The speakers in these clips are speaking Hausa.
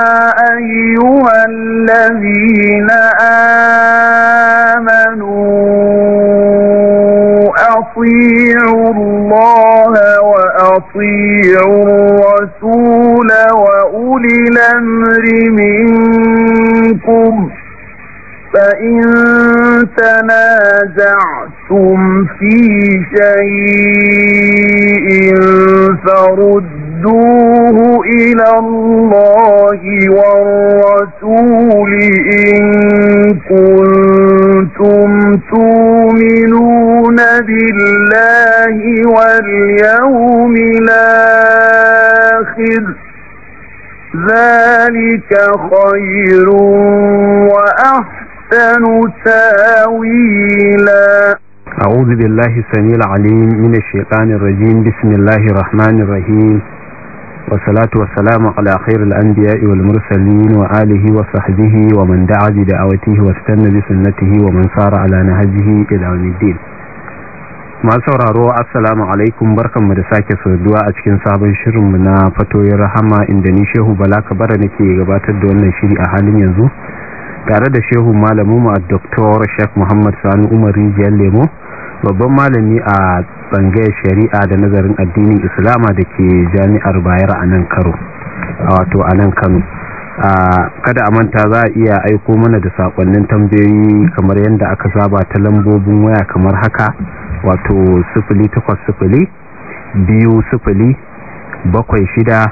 أيها الذين آمنوا أطيعوا الله وأطيعوا الرسول وأولي الأمر منكم فإن تنازعتم في شيء فردوه إلى الله والرسول إن كنتم تؤمنون بالله واليوم الآخر ذلك خير وأحسن تاويلا أعوذ بالله السميع العليم من الشيطان الرجيم بسم الله الرحمن الرحيم والصلاة والسلام على خير الأنبياء والمرسلين وآله وصحبه ومن دعا بدعوته واستنى بسنته ومن صار على نهجه إلى يوم الدين masu sauraro assalamu alaikum barkanmu da sake saduwa a cikin sabon shirin mu na fatoyin rahama inda ni shehu bala kabara nake gabatar da wannan shiri a halin yanzu tare da shehu malamu a dr shek muhammad sani umar rijiyar lemo babban malami a tsangayar shari'a da nazarin addinin islama da ke jami'ar bayar a nan karo wato a nan kano kada a manta za a iya aiko mana da sakonnin tambayoyi kamar yadda aka saba ta lambobin waya kamar haka wato sifili biyu sifili bakwai shida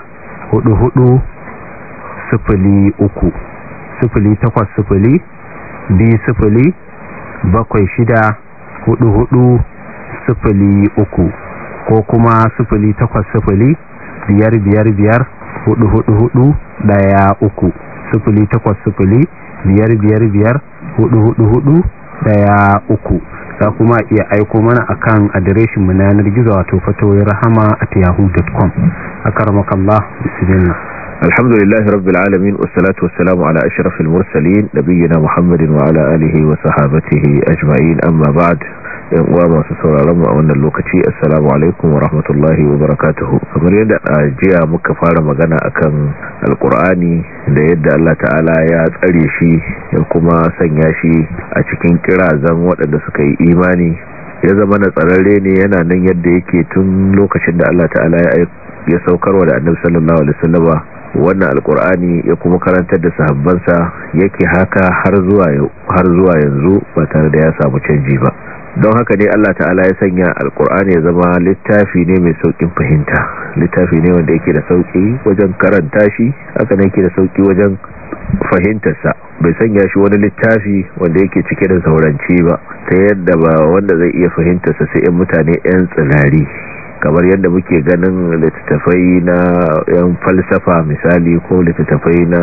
hudu hudu sifili uku sifili takwas sifili biyu sifili bakwai shida hudu sifili uku ko kuma sufili takwas sufili biyar biyar biyar hudu hudu hudu daya uku sufili takwas sufili biyar biyar biyar hudu hudu hudu daya uku za kuma iya aiko mana akan adireshin mu na yanar gizo wato fatoyi rahama a tiyahu.com a ba bismillah alhamdulillah rabbil alamin wassalatu wassalamu ala ashrafil mursalin nabiyina muhammadin wa ala alihi wa sahabatihi ajma'in amma ba'd yan uwa masu sauraron mu a wannan lokaci assalamu alaikum wa rahmatullahi wa barakatuhu kamar yadda ajiya muka fara magana a kan alƙur'ani da yadda Allah ta'ala ya tsare shi ya kuma sanya shi a cikin kirazan waɗanda suka yi imani ya zama na tsararre ne yana nan yadda yake tun lokacin da Allah ta'ala ya saukarwa da annabi sallallahu alaihi wasallama wannan alkur'ani ya kuma karantar da sahabbansa yake haka har zuwa yanzu ba tare da ya samu canji ba don haka ne Allah ta'ala ya sanya alkur'ani ya zama littafi ne mai saukin fahimta littafi ne wanda yake da sauki wajen karanta shi haka ne yake da sauki wajen fahimtarsa bai sanya shi wani littafi wanda yake cike da sauranci ba ta yadda ba wanda zai iya fahimtarsa sai 'yan mutane 'yan tsinari kamar yadda muke ganin littattafai na yan falsafa misali ko littattafai na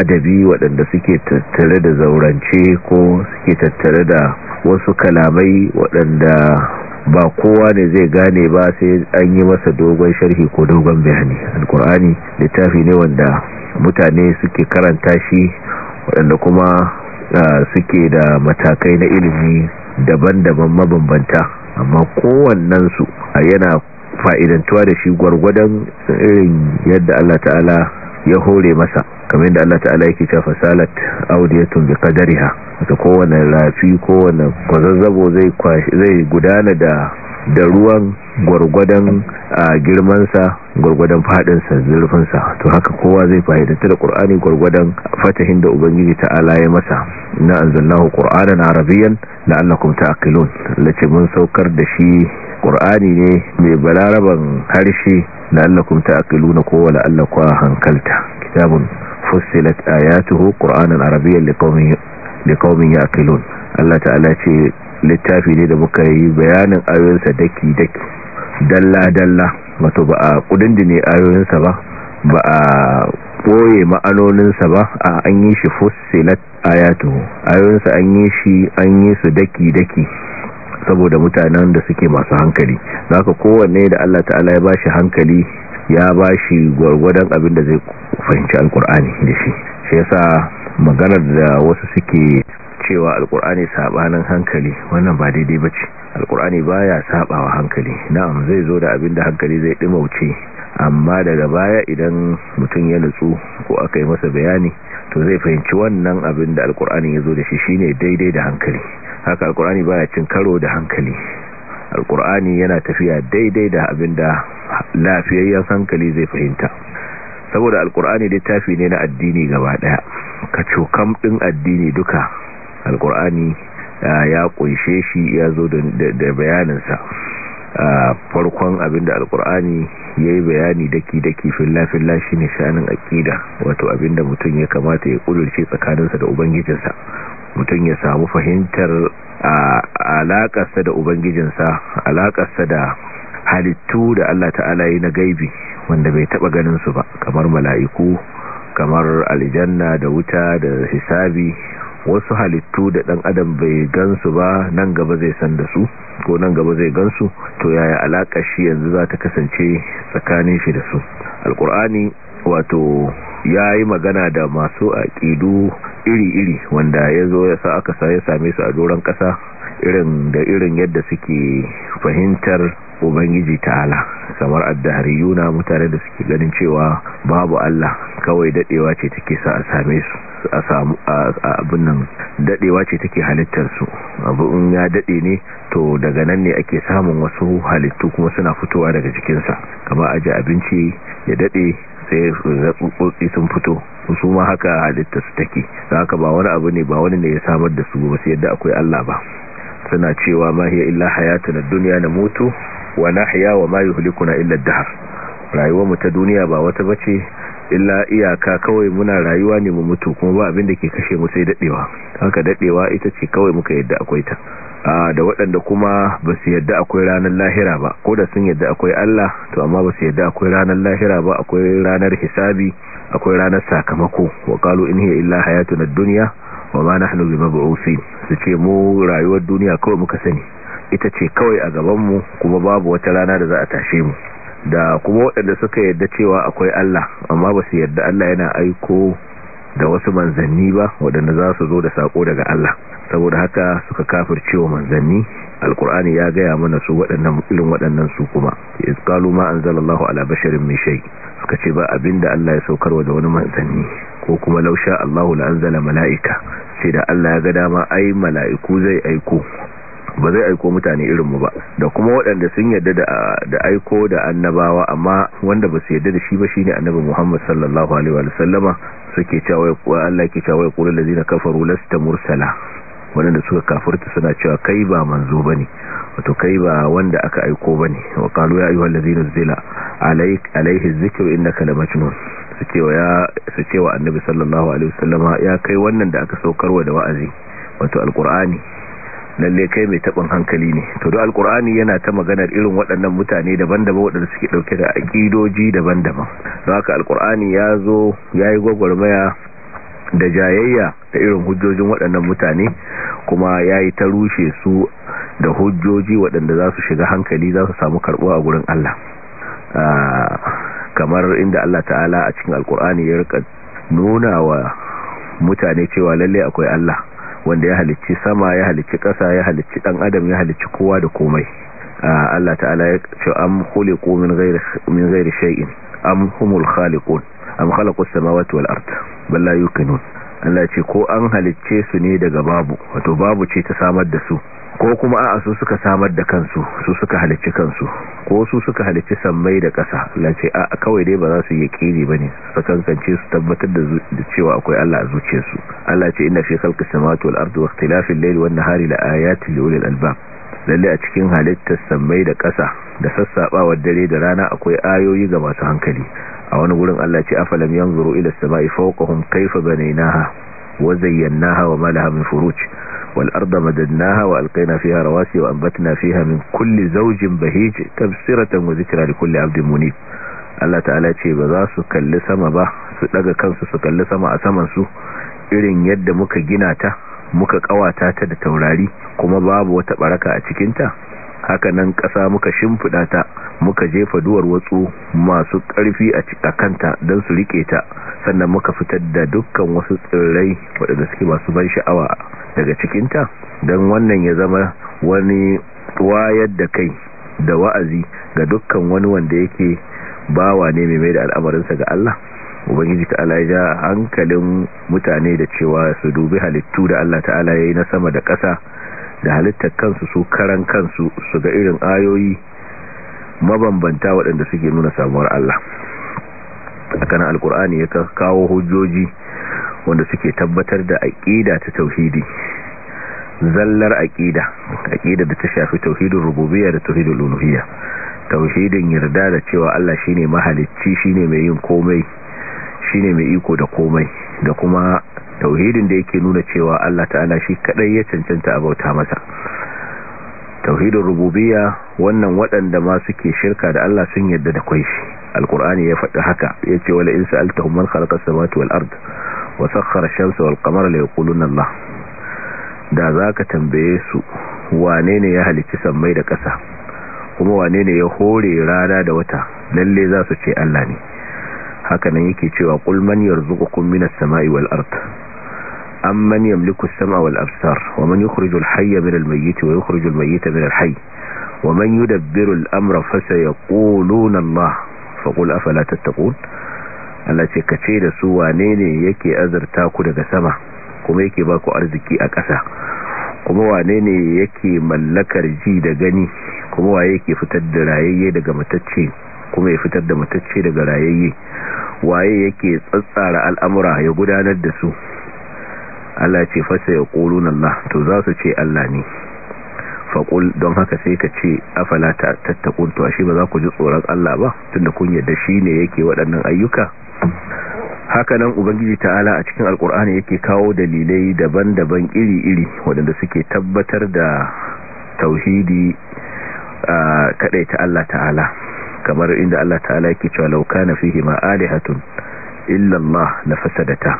adabi waɗanda suke tattare da zaurance ko suke tattare da wasu kalamai waɗanda ba kowa ne zai gane ba sai an yi masa dogon sharhi ko dogon bayani alkur'ani littafi ne wanda mutane suke karanta shi waɗanda kuma suke da matakai na ilimi daban-daban mabambanta amma a yana fa'idantuwa da shi gwargwadon irin yadda Allah ta'ala ya hore masa kamar yadda Allah ta'ala yake ya fasalat audiyatun bi ha wato kowane rafi kowane kwazazzabo zai gudana da ruwan gwargwadon a girmansa. gwargwadon fadin sa zurfin sa to haka kowa zai fa'idanta da qur'ani gwargwadon fatahin da ubangiji ta'ala ya masa inna anzalnahu qur'anan arabiyyan la'allakum ta'qilun lace mun saukar da shi qur'ani ne mai balaraban harshe la'allakum ta'qiluna ko wa hankalta kitabun fussilat ayatuhu qur'anan arabiyyan liqaumin liqaumin ya'qilun Allah ta'ala ce littafi ne da muka yi bayanin ayoyinsa daki-daki dalla-dalla wato ba a kudindine ayoyinsa ba ba a ɓoye ma'anoninsa ba a an yi shi fusilat ayatu ayoyinsa an yi shi an yi su daki-daki saboda mutanen da suke masu hankali za ka kowanne da Allah ta'ala ya bashi hankali ya bashi gwargwadon abin da zai fahimci alkur'ani da shi shi yasa maganar da wasu suke cewa alkur'ani sabanin hankali wannan ba daidai ba ce alkur'ani baya sabawa hankali na'am zai zo da abinda hankali zai wuce amma daga baya idan mutum ya nutsu ko aka yi masa bayani to zai fahimci wannan abin da alkur'ani ya zo da shi shine daidai da hankali haka alkur'ani baya cin karo da hankali alkur'ani yana tafiya daidai da abin da lafiyayyen hankali zai fahimta saboda alkur'ani littafi ne na addini gaba daya ka cokam din addini duka alkur'ani ya kunshe shi ya zo da bayaninsa farkon abinda alkur'ani ya yi bayani daki-daki filla-filla shi ne shanin akida wato abinda mutum ya kamata ya kudurce tsakaninsa da ubangijinsa mutum ya samu fahimtar alakasta da ubangijinsa alakasta da halittu da allah ta'ala yi na gaibi wanda bai taba su ba kamar mala'iku kamar aljanna da wuta da hisabi wasu halittu da dan adam bai gansu ba nan gaba zai san da su ko nan gaba zai gansu to yaya alaka shi yanzu za ta kasance tsakanin shi da su alkur'ani wato ya yi magana da masu aƙidu iri-iri wanda ya zo ya sa aka ya same su a doron ƙasa irin da irin yadda suke fahimtar ubangiji ta'ala kamar yuna mutane da suke ganin cewa babu Allah kawai dadewa ce take sa a same su a samu abin nan dadewa ce take halittar su abu in ya dade ne to daga nan ne ake samun wasu halittu kuma suna fitowa daga jikinsa kama aje abinci ya dade sai tsutsotsi sun fito su ma haka halittarsu su take haka ba wani abu ne ba wani ne ya samar da su ba sai yadda akwai Allah ba suna cewa ma hiya illa na duniya na mutu wa nahya wa ma yuhlikuna illa ad-dahr rayuwar mu ta duniya ba wata bace illa iyaka kawai muna rayuwa ne mu mutu kuma ba abin da ke kashe mu sai dadewa haka dadewa ita ce kawai muka yadda akwai ta da waɗanda kuma ba su yadda akwai ranar lahira ba ko da sun yadda akwai Allah to amma ba su yadda akwai ranar lahira ba akwai ranar hisabi akwai ranar sakamako wa qalu in hiya illa hayatuna duniya dunya wa ma nahnu bimab'usin su ce mu rayuwar duniya kawai muka sani ita ce kawai a gaban mu kuma babu wata rana da za a tashe mu da kuma waɗanda suka yadda cewa akwai Allah amma ba su yadda Allah yana aiko da wasu manzanni ba waɗanda za su zo da sako daga Allah saboda haka suka kafir cewa manzanni alkur'ani ya gaya mana su waɗannan ilin waɗannan su kuma isqalu ma anzalallahu ala basharin min shay suka ce ba abinda Allah ya saukarwa da wani manzanni ko kuma lausha Allahu la anzala malaika sai da Allah ya ga dama ai mala'iku zai aiko ba zai aiko mutane irinmu ba da kuma waɗanda sun yarda da aiko da annabawa amma wanda ba su yarda da shi ba shine annabi Muhammad sallallahu alaihi wa sallama suke cewa Allah ke cewa ya qulul ladina kafaru lasta mursala waɗanda suka kafirta suna cewa kai ba manzo ne wato kai ba wanda aka aiko bane wa qalu ya ayyuhal ladina zila alaihi dhikru inda lamajnun su cewa su cewa annabi sallallahu alaihi ya kai wannan da aka saukarwa da wa'azi wato alkur'ani lalle kai mai taɓin hankali ne to da alkur'ani yana ta maganar irin waɗannan mutane daban-daban waɗanda suke ɗauke da aƙidoji daban-daban don haka alkur'ani ya zo ya yi gwagwarmaya da jayayya da irin hujjojin waɗannan mutane kuma ya yi ta rushe su da hujjoji waɗanda za su shiga hankali za su samu karbuwa a gurin Allah ah, kamar inda Allah ta'ala a cikin alkur'ani ya rika nuna wa mutane cewa lalle akwai Allah wanda ya halicci sama ya halicci ƙasa ya halicci ɗan adam ya halicci kowa da komai Allah ta'ala ya ce am khuliqu min ghairi min ghairi shay'in am humul khaliqun am khalaqu as-samawati wal ard bal yuqinun Allah ce ko an halicce su ne daga babu wato babu ce ta samar da su ko kuma a'a su suka samar da kansu su suka halicci kansu ko su suka halicci sammai da ƙasa Allah ce a'a kawai dai ba za su yi kiri ne su kankance su tabbatar da cewa akwai Allah a zuciyarsu Allah ce ina fi khalqis samawati wal ardi wa ikhtilafil layli wan nahari la ayatin li ulil albab lalle a cikin halittar sammai da ƙasa da sassaɓawar dare da rana akwai ayoyi ga masu hankali a wani gurin Allah ce afalam yanzuru ila samai fawqahum kayfa banaynaha wa zayyanaha wa ma laha min furuj wal arda madadnaha wa alqayna fiha rawasi wa anbatna fiha min kulli zawjin bahij tafsiratan wa dhikra li kulli 'abdin munib Allah ta'ala ce ba za su kalli sama ba su daga kansu su kalli sama a saman su irin yadda muka gina ta muka kawata ta da taurari kuma babu wata baraka a cikinta haka nan ƙasa muka shimfiɗa ta muka jefa duwar watsu masu ƙarfi a kanta don su rike ta sannan muka fitar da dukkan wasu tsirrai waɗanda suke masu ban sha'awa daga cikinta don wannan ya zama wani wayar da kai da wa'azi ga dukkan wani wanda yake bawa ne mai mai da al'amarinsa ga Allah ubangiji ta'ala ya ja hankalin mutane da cewa su dubi halittu da Allah ta'ala ya yi na sama da ƙasa da halittar kansu su karan kansu su ga irin ayoyi mabambanta waɗanda suke nuna samuwar Allah a akan alkur'ani ya kawo hujjoji wanda suke tabbatar da aƙida ta tauhidi zallar aƙida aƙida da ta shafi tauhidin rububiya da tauhidin lunuhiya tauhidin yarda da cewa Allah shine mahalicci shine mai yin komai shine mai iko da komai da kuma tauhidin da yake nuna cewa Allah ta'ala shi kadai ya cancanta a bauta masa tauhidin rububiyya wannan waɗanda ma suke shirka da Allah sun yarda da kwai shi alkur'ani ya faɗi haka ya ce wala in sa'altahum man khalaqa samawati wal ard wa sakhkhara ash-shamsa wal qamara la yaquluna Allah da zaka tambaye su wane ne ya halicci sammai da ƙasa kuma wane ne ya hore rana da wata lalle za su ce Allah ne haka nan yake cewa qul man yarzuqukum minas sama'i wal ard amman yamliku as-sama'a wal absar wa man yukhrijul hayya minal mayyiti wa yukhrijul mayyita minal hayy wa man yudabbiru al-amra fasayaquluna Allah faqul afala tattaqun Allah ce kace da su wane ne yake azurta ku daga sama kuma yake ba ku arziki a ƙasa kuma wane ne yake mallakar ji da gani kuma waye yake fitar da rayayye daga matacce kuma ya fitar da matacce daga rayayye waye yake tsatsara al'amura ya gudanar da su Allah ce fasa ya ƙolu Allah to za su ce Allah ne faƙul don haka sai ka ce afala ta tattakun to ashe ba za ku ji tsoron Allah ba tunda kun yadda shi ne yake waɗannan ayyuka haka nan ubangiji ta'ala a cikin alkur'ani yake kawo dalilai daban-daban iri-iri waɗanda suke tabbatar da tauhidi ah, kaɗai ta Allah ta'ala kamar inda Allah ta'ala yake cewa law kana fihi ma alihatun illa Allah la fasadata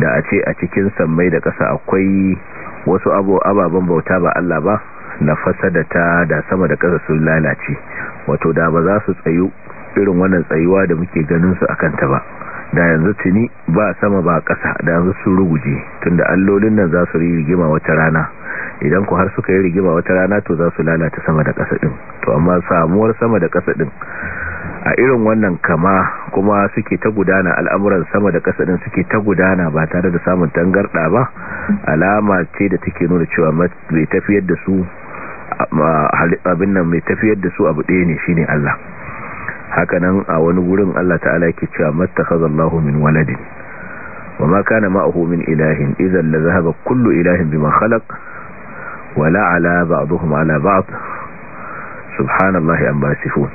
da a ce a cikin sammai da ƙasa akwai wasu abu ababen bauta ba Allah ba la fasadata da sama da ƙasa sun lalace wato da ba za su tsayu irin wannan tsayuwa da muke ganin su akan ta ba da yanzu tuni ba sama ba ƙasa da yanzu sun ruguje tunda allolin nan za su yi rigima wata rana idan ku har suka yi rigima wata rana to za su lalata sama da kasa ɗin to amma samuwar sama da kasa ɗin a irin wannan kama kuma suke ta gudana al'amuran sama da kasa ɗin suke ta gudana ba tare da samun tangarɗa ba alama ce da take nuna cewa mai tafiyar da su abin nan mai tafiyar da su abu ɗaya ne shine Allah hakanan a wani wurin Allah ta'ala yake cewa mattakhazallahu min waladin wama kana ma'ahu min ilahin idan la zahaba kullu ilahin bima khalaq wala ala ba'dihim ala ba'd subhanallahi amma sifun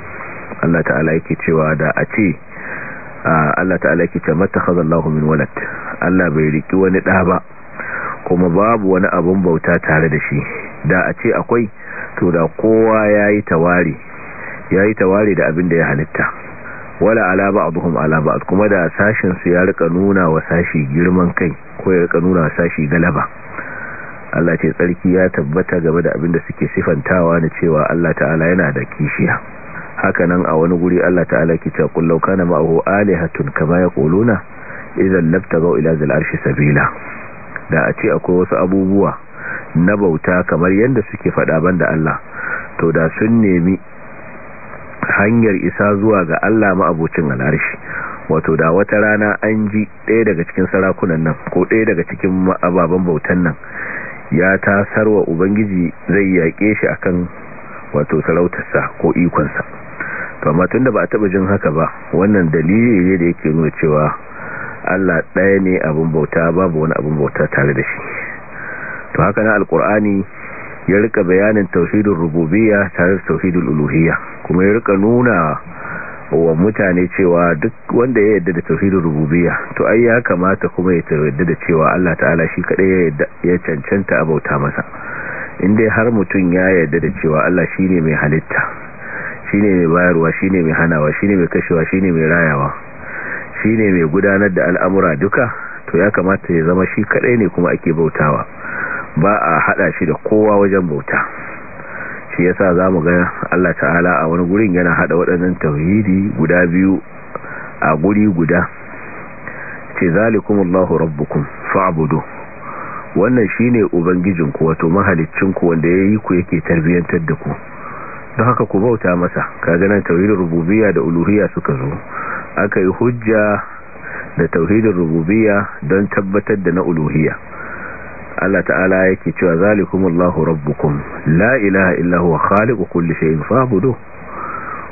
Allah ta'ala yake cewa da a ce Allah ta'ala yake cewa mattakhazallahu min walad Allah bai riki wani da ba kuma babu wani abun bauta tare da shi da a ce akwai to da kowa yayi tawari Ya yi tawari da abin da ya halitta wala ala ba'dhum ala ba'd kuma da sashin su ya rika nuna wa sashi girman kai ko ya rika nuna wa sashi galaba Allah ce tsarki ya tabbata game da abin da suke sifantawa na cewa Allah ta'ala yana da kishiya Haka nan a wani guri Allah ta'ala ke cewa kullau kana ma'ahu alihatun kama yaquluna idan labtagaw ila zal arshi sabila da a ce akwai wasu abubuwa na bauta kamar yadda suke faɗa banda Allah to da sun nemi hanyar isa zuwa ga Allah ma'abocin al'arshi wato da wata rana an ji ɗaya daga cikin sarakunan nan ko ɗaya daga cikin ababen bautan nan ya tasarwa ubangiji zai yaƙe shi akan wato sarautarsa ko ikonsa amma tun da ba a taɓa jin haka ba wannan dalili ne da yake nuna cewa Allah ɗaya ne abin bauta babu wani abin bauta tare da shi to haka na alkur'ani ya rika bayanin tauhidul rububiyya tare da tauhidul uluhiyya kuma ya rika nuna wa mutane cewa duk wanda ya yadda da tauhidin rububiyya to ai ya kamata kuma ya yadda da cewa Allah ta'ala shi kadai ya cancanta abauta masa indai har mutum ya yadda da cewa Allah shine mai halitta shine mai bayarwa shine mai hanawa shine mai kashewa shine mai rayawa shine mai gudanar da al'amura duka to ya kamata ya zama shi kadai ne kuma ake bautawa ba a hada shi da kowa wajen bauta shi yasa mu ga Allah ta'ala a wani gurin yana hada waɗannan tauhidi guda biyu a guri guda ce zalikumullahu rabbukum fa'budu wannan shine ku wato mahaliccin ku wanda yayi ku yake tarbiyantar da ku don haka ku bauta masa kaga nan tauhidin rububiya da uluhiyya suka zo aka yi hujja da tauhidin rububiyya don tabbatar da na uluhiyya Allah ta'ala yake cewa zalikumullahu rabbukum la ilaha illa huwa khaliqu kulli shay'in fa'budu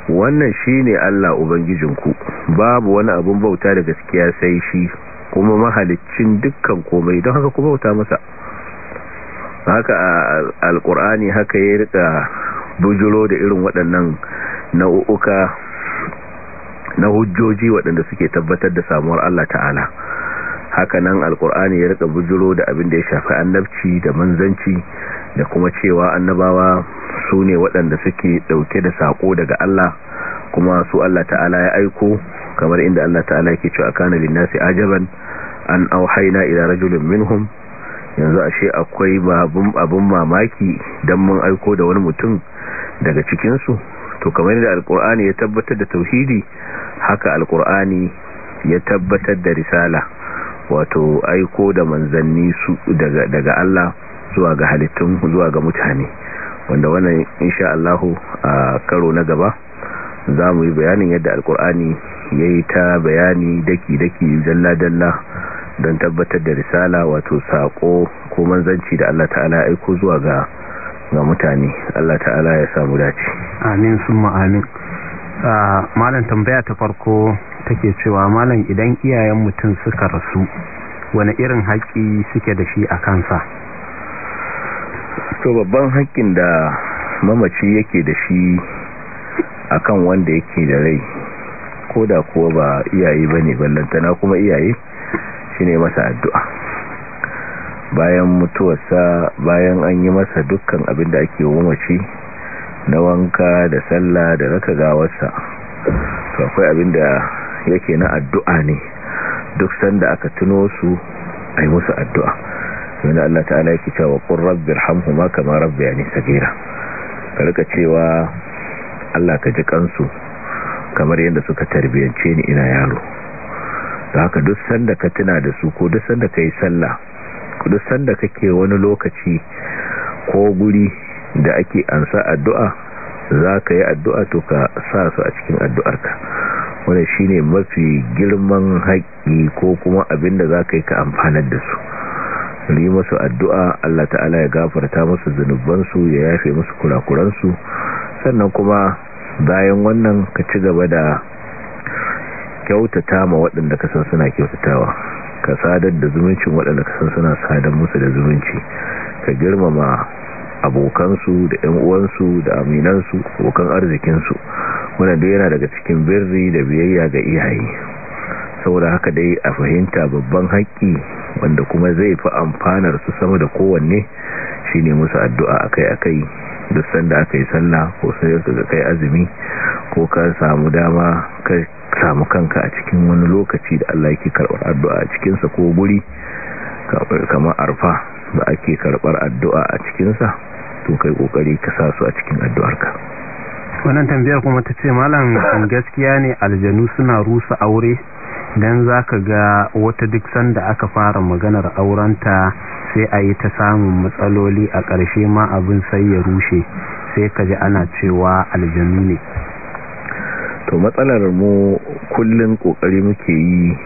wannan shine Allah ubangijinku babu wani abun bauta da gaskiya sai shi kuma mahaliccin dukkan komai don haka ku bauta masa haka alqur'ani haka ya rika bujuro da irin waɗannan nau'uka na hujjoji waɗanda suke tabbatar da samuwar Allah ta'ala haka nan alkur'ani ya rika bujiro da abin da ya shafi annabci da manzanci da kuma cewa annabawa su ne waɗanda suke ɗauke da saƙo daga Allah kuma su Allah ta'ala ya aiko kamar inda Allah ta'ala ke cewa kana nasi ajaban an haina ila rajulin minhum yanzu ashe akwai babun abun mamaki dan mun aiko da wani mutum daga cikinsu to kamar da alkur'ani ya tabbatar da tauhidi haka alkur'ani ya tabbatar da risala wato aiko da manzanni su daga daga Allah zuwa ga halittun zuwa ga mutane wanda wannan insha Allah a karo na gaba za mu yi bayanin yadda alkur'ani ya yi ta bayani daki-daki dalla-dalla don tabbatar da risala wato saƙo ko manzanci da Allah ta'ala aiko zuwa ga ga mutane Allah ta'ala ya samu dace amin sun ma'amin ah, malam tambaya ta farko take cewa malam idan iyayen mutum suka rasu wani irin haƙƙi suke da shi a kansa to babban haƙƙin da mamaci yake da shi akan wanda yake da rai ko da kuwa ba iyaye ba ne ballantana kuma iyaye shi ne masa addu'a bayan mutuwarsa bayan an yi masa dukkan abin da ake mamaci na wanka da sallah da raka gawarsa to akwai abin da yake na addu'a ne duk sanda aka tuno su a musu addu'a yana Allah ta'ala yake cewa qur rabbir hamhuma kama rabbayani sagira ka rika cewa Allah ka ji kansu kamar yadda suka tarbiyance ni ina yaro da haka duk sanda ka tuna da su ko duk sanda ka sallah ko duk sanda kake wani lokaci ko guri da ake ansa addu'a za ka yi addu'a to ka sa su a cikin addu'arka wanda ne mafi girman haƙƙi ko kuma abinda za ka yi ka amfanar da su yi masu addu'a Allah ta'ala ya gafarta masu zunubansu ya yafe masu kurakuransu sannan kuma bayan wannan ka ci gaba da kyautata ma waɗanda ka suna kyautatawa ka sadar da zumuncin waɗanda ka san suna sadar musu da zumunci ka girmama abokansu da ‘yan uwansu da aminansu abokan arzikinsu muna da yana daga cikin birri da biyayya ga iyaye saboda haka dai a fahimta babban haƙƙi wanda kuma zai fi amfanar su sama da kowanne shine musu addu'a akai-akai duk sanda aka yi sallah ko sai ka kai azumi ko ka samu dama ka samu kanka a cikin wani lokaci da Allah yake karɓar addu'a a cikinsa ko guri kamar arfa da ake karɓar addu'a a cikinsa to kai kokari ka sa su a cikin addu'arka wannan tambayar kuma ta ce malam gaskiya ne aljanu suna rusa aure don za ka ga wata duk sanda aka fara maganar aurenta sai a yi ta samun matsaloli a ƙarshe ma abin sai ya rushe sai ka ji ana cewa aljanu ne to matsalar mu kullum ƙoƙari muke yi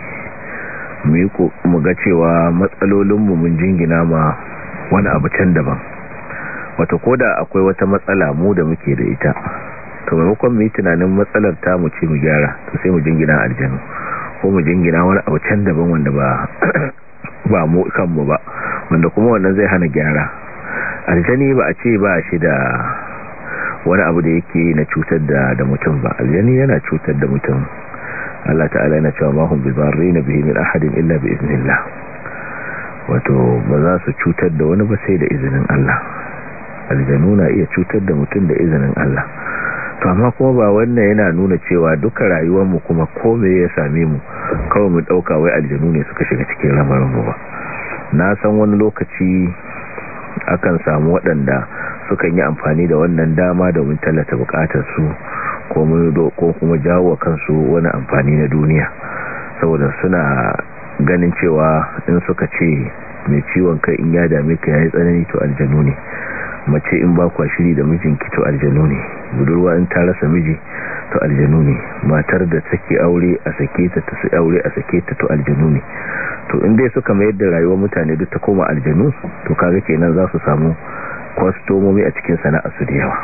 mu ga cewa matsalolinmu mun jingina ma wani abu can daban wata koda akwai wata matsala mu da muke da ita to maimakon mu tunanin matsalar ta mu ce mu gyara to sai mu jingina aljanu ko mu jingina wani abu can daban wanda ba ba mu kanmu ba wanda kuma wannan zai hana gyara aljani ba a ce ba shi da wani abu da yake na cutar da mutum ba aljani yana cutar da mutum Allah ta'ala yana cewa ma hum na bihi min ahadin illa bi iznillah wato ba za su cutar da wani ba sai da izinin Allah aljanu na iya cutar da mutum da izinin Allah amma kuma ba wannan yana nuna cewa duka rayuwarmu kuma kome ya same mu kawai mu ɗauka wai aljanu ne suka shiga cikin lamarinmu ba na san wani lokaci akan samu waɗanda sukan yi amfani da wannan dama domin tallata bukatarsu ko kuma jawo kansu wani amfani na duniya saboda suna ganin cewa in suka ce mai ciwon kai in ya dame ka yayi tsanani to aljanu ne mace in ba kwa shiri da mijinki to aljanu ne budurwa in ta rasa miji to aljanu ne matar da take aure a sake ta ta aure a sake ta to aljanu ne to in dai suka mayar da rayuwar mutane duk ta koma aljanu to kaga kenan za su samu kwastomomi a cikin sana'a su da yawa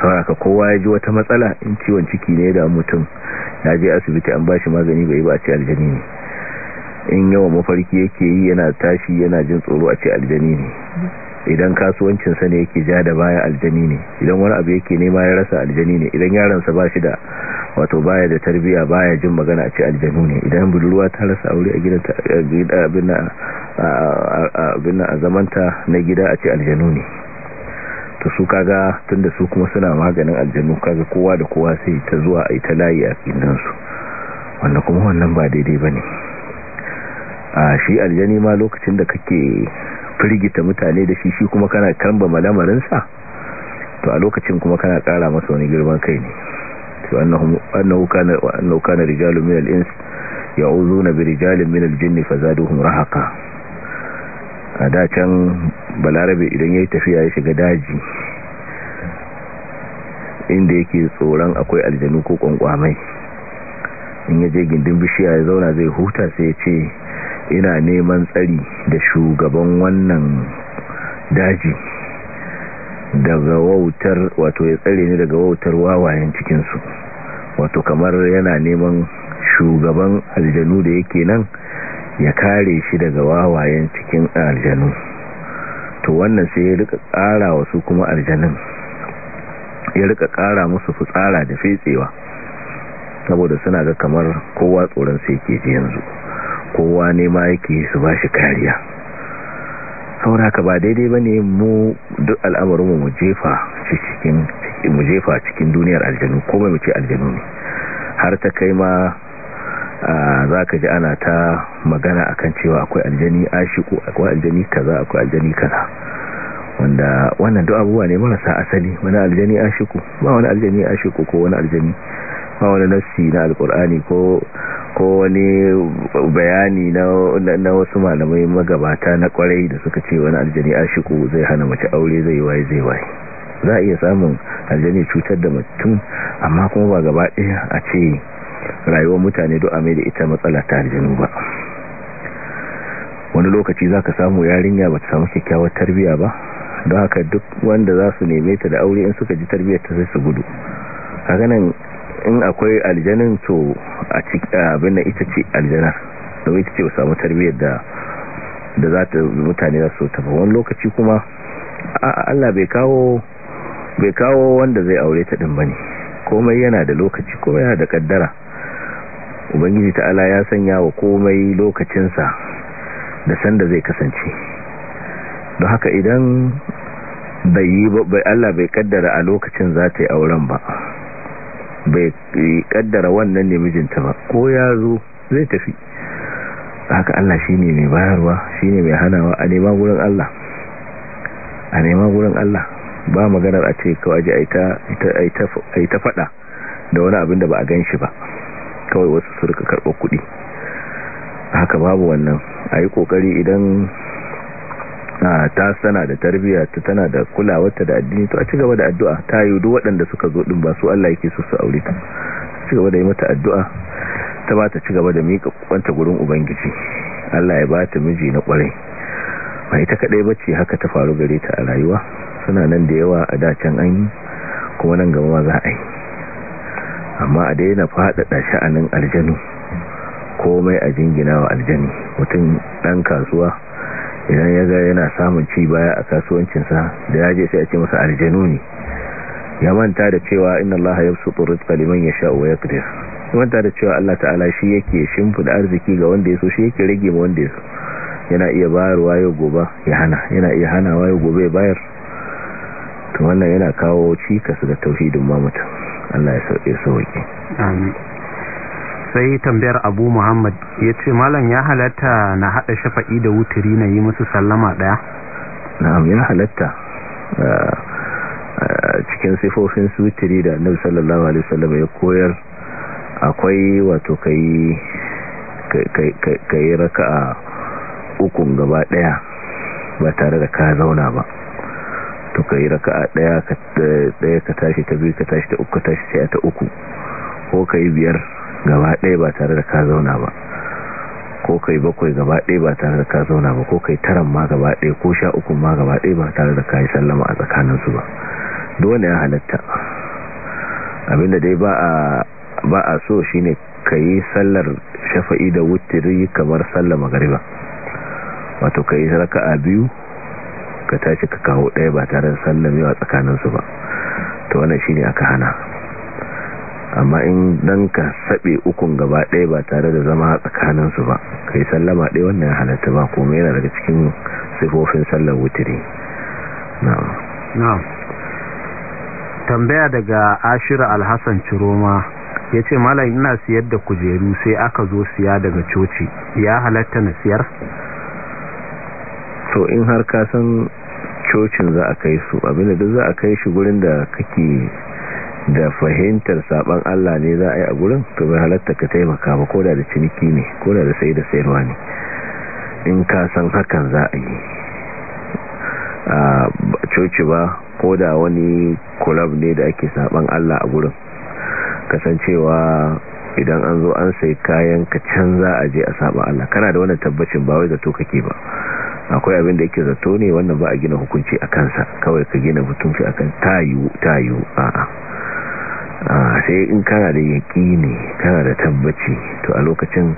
sauraka kowa ya ji wata matsala in ciwon ciki ne da mutum ya je asibiti an bashi magani bai ba a ce aljani ne in yawan mafarki yake yi yana tashi yana jin tsoro a ce aljani ne idan kasuwancinsa ne yake ja da baya aljani ne idan wani abu yake nema ya rasa aljani ne idan yaransa ba shi da wato baya da tarbiya baya jin magana a ce aljanu ne idan budurwa ta rasa aure a gidanta abin a zamanta na gida a ce aljanu ne to su kaga tunda su kuma suna maganin aljanu kaga kowa da kowa sai ta zuwa a ta layi a kindansu wanda kuma wannan ba daidai ba ne a shi aljani ma lokacin da kake firgita mutane da shi shi kuma kana kamba malamarinsa to a lokacin kuma kana kara masa wani girman kai ne to annahu kana annahu kana rijalun min al-ins ya'uzuna bi rijalin min al-jinni fazaduhum rahaqa a da can balarabe idan yayi tafiya ya shiga daji inda yake tsoron akwai aljanu ko kwankwamai in ya je gindin bishiya ya zauna zai huta sai ya ce ina neman tsari da shugaban wannan daji daga wautar wato ya tsare ni daga wautar wawayen cikinsu wato kamar yana neman shugaban aljanu da yake nan ya kare shi daga wawayen cikin aljanu to wannan sai ya rika tsara wasu kuma aljanun ya rika kara musu fitsara da fetsewa saboda suna ga kamar kowa tsoron sai ke ji yanzu kowa ne ma yake su ba shi kariya sauraka ba daidai ba ne mu duk al'amarin mu jefa cikin duniyar aljanu ko mai mace aljanu ne har ta kai ma za ka ji ana ta magana akan cewa akwai aljani ashiku akwai aljani kaza akwai aljani kaza wanda wannan duk abubuwa ne marasa asali wani aljani ashiku ba wani aljani ashiku ko wani aljani ba wani nassi na alkur'ani ko ko wani bayani na wasu malamai magabata na kwarai da suka ce wani aljani shiku zai hana mace aure zai waye zai waye za a iya samun aljani cutar da mutum amma kuma ba gaba ɗaya a ce rayuwar mutane duk mai da ita matsala ta aljanu ba wani lokaci za ka samu yarinya ba ta samu kyakkyawar tarbiyya ba don haka duk wanda za su neme ta da aure in suka ji tarbiyar ta sai su gudu a ganin in akwai aljanin to a cikin abin da ita ce aljanar domin ita ce ba samu tarbiyyar da da za ta mutane da su tafi wani lokaci kuma Allah bai kawo bai kawo wanda zai aure ta din bane komai yana da lokaci komai yana da kaddara ubangiji ta'ala ya sanya wa komai lokacinsa da sanda zai kasance don haka idan bai yi Allah bai ƙaddara a lokacin za ta yi auren ba bai kaddara wannan ne mijinta ba ko ya zo zai tafi haka Allah shi ne mai bayarwa shi ne mai hanawa a neman wurin Allah a neman gurin Allah ba maganar a ce kawai ji a yi ta fada da wani abin da ba a gan shi ba kawai wasu su karɓar kuɗi haka babu wannan a yi ƙoƙari idan ta sana da tarbiyya ta tana da kulawarta da addini to a cigaba da addu'a ta yi duk waɗanda suka zo din ba su Allah yake so su aure ta cigaba da yi mata addu'a ta ba ta cigaba da miƙa kwanta gurin ubangiji Allah ya ba ta miji na kwarai ba ita kadai ce haka ta faru gare ta a rayuwa suna nan da yawa a dacen an yi kuma nan gaba ma za a yi amma a daina faɗaɗa sha'anin aljanu komai a jingina wa aljanu mutum ɗan kasuwa idan ya zai yana samun ci baya a kasuwancinsa da ya je sai a ce masa aljanu ne ya manta da cewa inna allaha su rizqa kaliman ya sha uwa ya manta da cewa Allah ta'ala shi yake shimfida arziki ga wanda ya so shi yake rage ma wanda ya so yana iya bayar wayo gobe ya hana yana iya hana wayo gobe ya bayar to wannan yana kawo cikas ga tauhidin ma mutum Allah ya sauke sauke amin sai tambayar abu muhammad ya ce malam ya halatta na haɗa shafa'i da wuturi na yi musu sallama ɗaya na'am ya halatta ah, ah, cikin sifofin wuturi da annabi sallallahu alaihi wasallam ya koyar akwai wato kai kai a ukun gaba daya ba tare da ka zauna ba to kai yi raka a daya ka tashi ta biyu ka tashi ta uku ka tashi ta uku ko ka yi biyar gaba ɗaya ba tare da ka zauna ba ko kai bakwai gaba ɗaya ba tare da ka zauna ba ko kai taran ma gaba ɗaya ko sha uku ma gaba ɗaya ba tare da ka yi sallama a tsakaninsu ba dole ya halatta abinda dai ba a so shine ka yi sallar shafa'i da wutiri kamar sallar magariba wato ka yi a biyu ka tashi ka kawo ɗaya ba tare da sallamewa tsakaninsu ba to wannan shine aka hana amma in ɗanka saɓe ukun gaba ɗaya ba tare da zama tsakanin su ba kai sallama ɗaya wannan halatta ba kuma yana daga cikin sifofin sallar wutiri tambaya daga ashira alhassan ciroma ya ce malam ina siyar da kujeru sai aka zo siya daga coci ya halatta na siyar? to in har ka san cocin za a kai su abinda duk za a kai shi gurin da kake da fahimtar saban Allah ne za a yi a gurin to bai halatta ka taimaka ba koda da ciniki ne koda da sai da sayarwa ne in ka san hakan za a yi a coci ba ko da wani kulab ne da ake saban Allah a gurin kasancewa idan an zo an sai kayan ka can za a je a saba Allah kana da wannan tabbacin ba wai zato kake ba akwai abin da yake zato ne wannan ba a gina hukunci a kansa kawai ka gina hukunci kan tayu tayu a'a sai in kana da yaƙini kana da tabbaci to a lokacin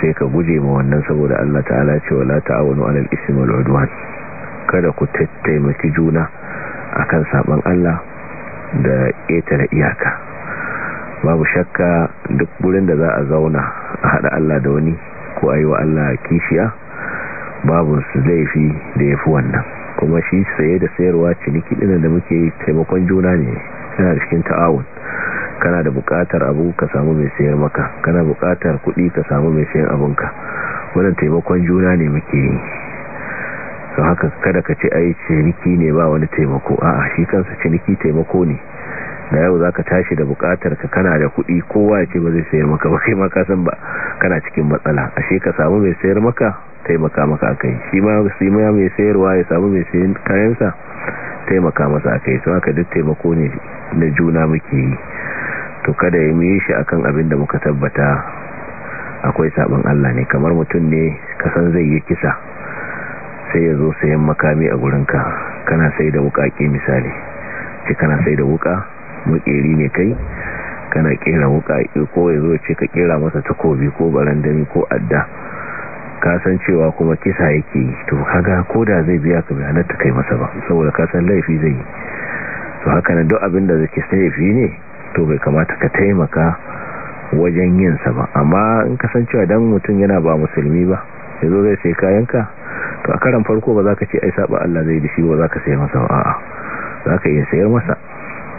sai ka guje ma wannan saboda Allah ta'ala ce wala ta'awunu 'alal ismi wal 'udwan kada ku taimaki juna akan saban Allah da ƙetare iyaka babu shakka duk gurin da za a zauna a hada Allah da wani ko a wa Allah kishiya babu su laifi da yafi wannan kuma shi saye da sayarwa ciniki ɗin da muke taimakon juna ne yana cikin ta'awun kana da bukatar abu ka samu mai sayar maka kana bukatar kuɗi ka samu mai sayar abinka wannan taimakon juna ne muke yi to haka kada ka ce ai ciniki ne ba wani taimako a'a shi kansa ciniki taimako ne da yau zaka tashi da bukatar ka kana da kuɗi kowa ya ce ba zai sayar maka ba kai ma ka san ba kana cikin matsala ashe ka samu mai sayar maka taimaka maka akai shi ma shi ma mai sayarwa ya samu mai sayar kayansa taimaka masa akai to haka duk taimako ne na juna muke yi to kada ya miye shi akan abin da muka tabbata akwai sabon Allah ne kamar mutum ne kasan zai yi kisa sai ya zo sayan makami a gurinka kana sai da wukake misali ce kana sai da wuka makeri ne kai kana kera wukake ko ya zo ce ka kera masa takobi ko barandami ko adda kasan cewa kuma kisa yake yi to kaga da zai biya ka bayanar ta kai masa ba saboda kasan laifi zai yi to haka nan duk abin da zai kisa laifi ne to bai kamata ka taimaka wajen yin sa ba amma in kasancewa dan mutum yana ba musulmi ba ya zo zai sai kayanka to a karan farko ba za ka ce ai saba Allah zai dishi shi ba za ka sai masa a'a za ka iya sayar masa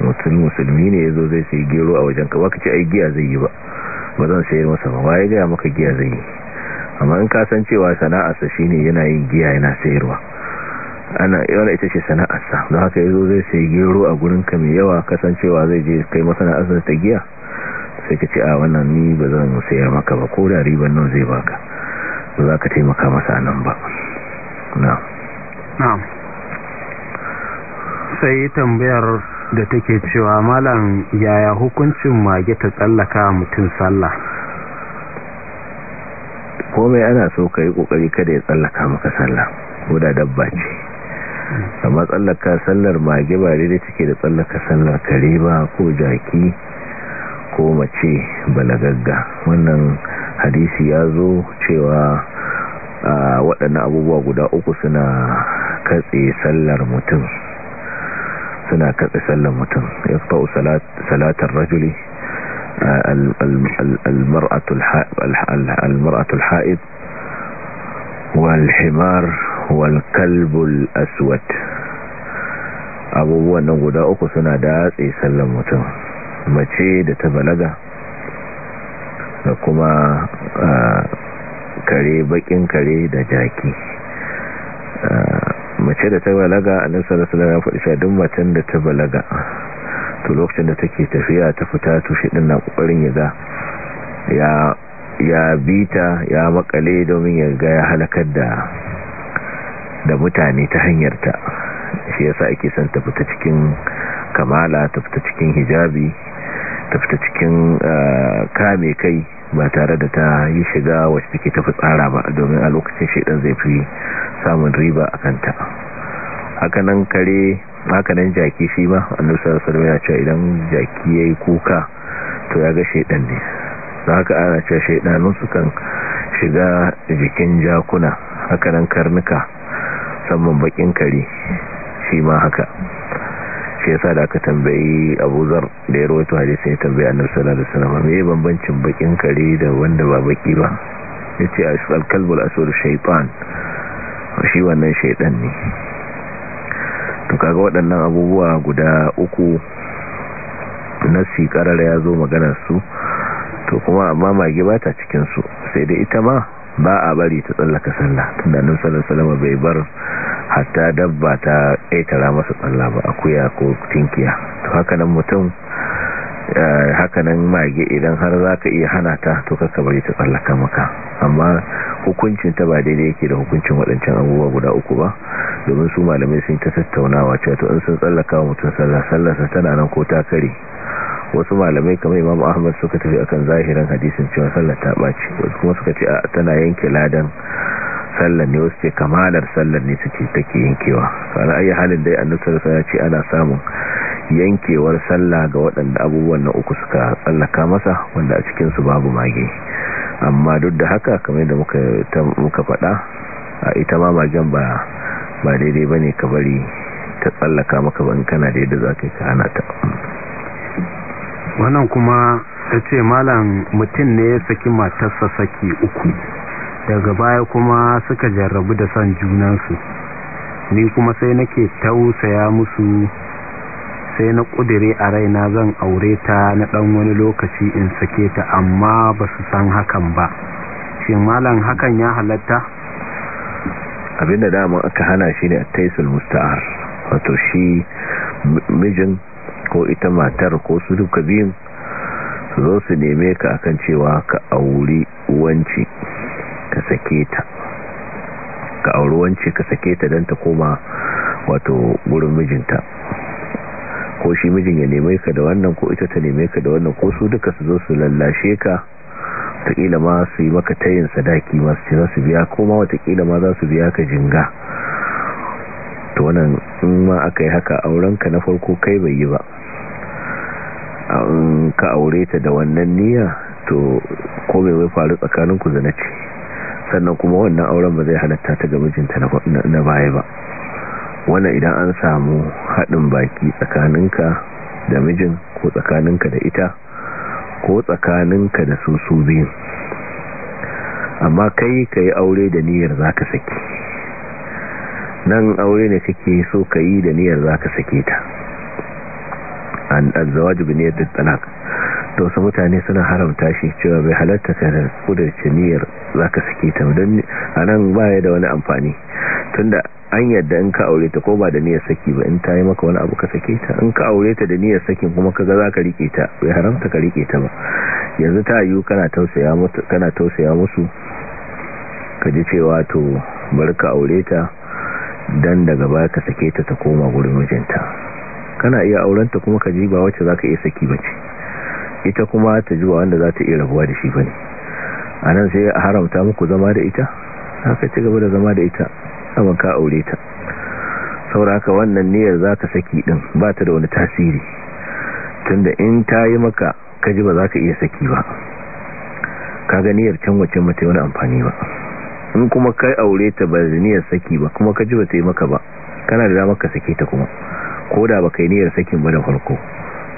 mutum musulmi ne ya zai sai gero a wajen ka ba ka ce ai giya zai yi ba ba zan sayar masa ba ya gaya maka giya zai yi amma in ka san cewa sana'arsa shine yana yin giya yana sayarwa ana yawan ita ce sana'ar sana'arsa don haka yazo zai sai gero a gurin ka mai yawa kasancewa zai je kai masana'arsa ta giya sai ka ce a wannan ni ba zan sayar maka ba ko da riban nan zai baka ba za ka taimaka masa nan ba na sai tambayar da take cewa malam yaya hukuncin mage ta tsallaka mutum sallah komai ana so ka yi kokari kada ya tsallaka maka sallah ko da dabba ce amma tsallaka sallar mage ba dai take da tsallaka sallar kare ba ko jaki ko mace balagagga wannan hadisi ya zo cewa waɗannan abubuwa guda uku suna katse sallar mutum suna katse sallar mutum ya fa'u salatar rajuli almar'atul ha'id wal wal kalbul aswad abubuwan nan guda uku suna da tsaye sallan mutum mace da ta balaga da kuma kare bakin kare da jaki mace da ta balaga a nan alaihi da faɗi cewa duk macen da ta balaga to lokacin da take tafiya ta fita to shi din na kokarin ya za ya bita ya makale domin ya ga ya halakar da da mutane ta hanyarta shi yasa ake son ta fita cikin kamala ta fita cikin hijabi ta fita cikin ah, kame kai ba tare da ta yi shiga wacce take tafi tsara ba domin a lokacin shedan zai fi samun riba a kanta hakanan kare hakanan jaki shi ba a nusa da sarwaya ya idan jaki ya yi kuka to ya ga shaidan ne za ka ana cewa su kan shiga jikin jakuna hakanan karnuka musamman bakin kare shi ma haka shi yasa da aka tambayi abuzar da ya rawaito hadisi ya tambayi annabi sallallahu alaihi wasallam me bambancin bakin kare da wanda ba baki ba yace asal kalbul shaifan shaytan shi wannan shaydan ne to kaga waɗannan abubuwa guda uku nasi karar ya zo maganar su to kuma amma mage ba ta cikin su sai dai ita ma ba a bari ta tsallaka sallah tunda nan salama bai bar hatta dabba ta ƙetara masa tsalla ba akuya ko tinkiya to haka nan mutum eh, haka nan mage idan har za ka iya hana ta to ka bari ta tsallaka maka amma hukuncin ta ba daidai yake da hukuncin waɗancan abubuwa guda uku ba domin su malamai sun ta tattaunawa cewa to in sun tsallaka wa mutum sallah sallarsa tana nan ko ta kare wasu malamai kamar imam ahmad suka tafi akan zahirin hadisin cewa sallar ta ɓaci wasu kuma suka ce a tana yanke ladan sallar ne wasu ce kamalar sallar ne suke take yankewa sana ayi halin dai annabtar sana ce ana samun yankewar sallah ga waɗanda abubuwan na uku suka tsallaka masa wanda a cikinsu babu mage amma duk da haka kamar da muka faɗa a ita ma magen ba ba daidai ba ne ka bari ta tsallaka maka ban kana daidai za ka yi ka hana ta wannan kuma ta ce malam mutum ne ya saki matarsa saki uku daga baya kuma suka jarrabu da son junansu ni kuma sai nake tausaya musu sai na kudire a raina zan aure ta na dan wani lokaci in sake ta amma ba su san hakan ba shi malam hakan ya halatta abinda dama aka hana shi ne a taisul musta'ar wato shi mijin ko ita matar ko su duka biyun su zo su neme ka akan cewa ka auri wanci ka sake ta ka auri wanci ka sake ta don ta koma wato gurin mijinta ko shi mijin ya neme ka da wannan ko ita ta neme ka da wannan ko su duka su zo su lallashe ka watakila ma su yi maka tayin sadaki masu ce su biya ko ma watakila ma za su biya ka jinga to wannan in ma aka yi haka aurenka na farko kai bai yi ba ka aure ta da wannan niyya to komai bai faru tsakanin ku zana ce sannan kuma wannan auren ba zai halatta ta ga mijinta na baya ba wannan idan an samu haɗin baki tsakaninka da mijin ko tsakaninka da ita ko tsakaninka da su su biyu amma kai ka yi aure da niyyar za ka sake nan aure ne kake so ka yi da niyyar za ka sake ta an zawaj bi niyyat talak talaq to wasu mutane suna haramta shi cewa bai halatta ka kudurci niyyar zaka sake ta don anan baya da wani amfani tunda an yadda in ka aure ta ko ba da niyyar saki ba in ta yi maka wani abu ka sake ta in ka aure ta da niyyar sakin kuma kaga za ka rike ta bai haramta ka rike ta ba yanzu ta yiwu kana tausaya musu kana tausaya musu ka ji cewa to bar ka aure ta dan daga baya ka sake ta ta koma gurin mijinta kana iya aurenta kuma ka ji ba wacce zaka iya saki ba ita kuma ta ji ba wanda za ta iya rabuwa da shi ba ne a sai a haramta muku zama da ita haka ci gaba da zama da ita saboda ka aure ta sauraka wannan niyyar za ka saki din ba ta da wani tasiri tunda in ta yi maka ka ji ba za ka iya saki ba ka ga niyyar can wacce mata wani amfani ba in kuma kai aure ta ba da niyyar saki ba kuma ka ji ba ta yi maka ba kana da damar ka sake ta kuma ko da baka yi niyyar sakin ba da farko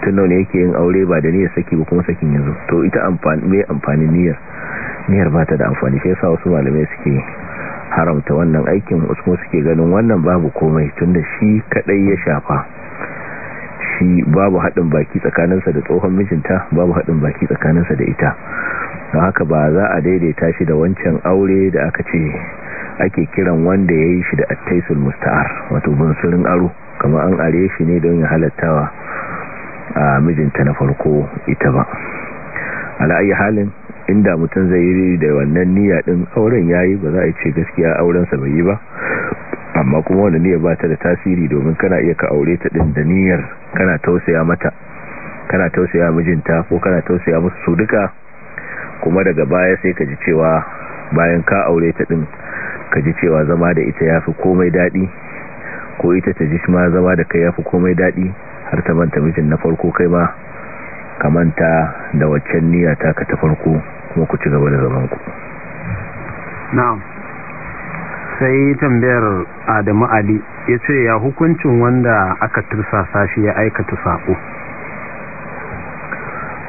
tun da yake yin aure ba da niyyar saki ba kuma sakin yanzu to ita amfani mai amfanin niyyar niyyar ba ta da amfani shi yasa wasu malamai suke haramta wannan aikin wasu kuma suke ganin wannan babu komai tun da shi kadai ya shafa shi babu haɗin baki tsakaninsa da tsohon mijinta babu haɗin baki tsakaninsa da ita don haka ba za a daidaita shi da wancan aure da aka ce ake kiran wanda ya yi shi da attaisul musta'ar wato bunsurin aro kama an are shi ne don ya halattawa a mijinta na farko ita ba ala'ayi halin inda mutum zai yi da wannan niyya din auren yayi ba za a ce gaskiya aurensa bai yi ba amma kuma wanda niyya ba ta da tasiri domin kana iya ka aure ta din da niyyar kana tausaya mata kana tausaya mijinta ko kana tausaya musu su duka kuma daga baya sai ka ji cewa bayan ka aure ta din ka ji cewa zama da ita ya fi komai daɗi ko ita ta ji shi ma zama da kai yafi komai daɗi har ta manta mijin na farko kai ma ka manta da waccan niyya ta ka ta farko kuma ku ci gaba da zaman ku na'am sai tambayar Adamu Ali ya ce ya hukuncin wanda aka tursasa shi ya aikata sako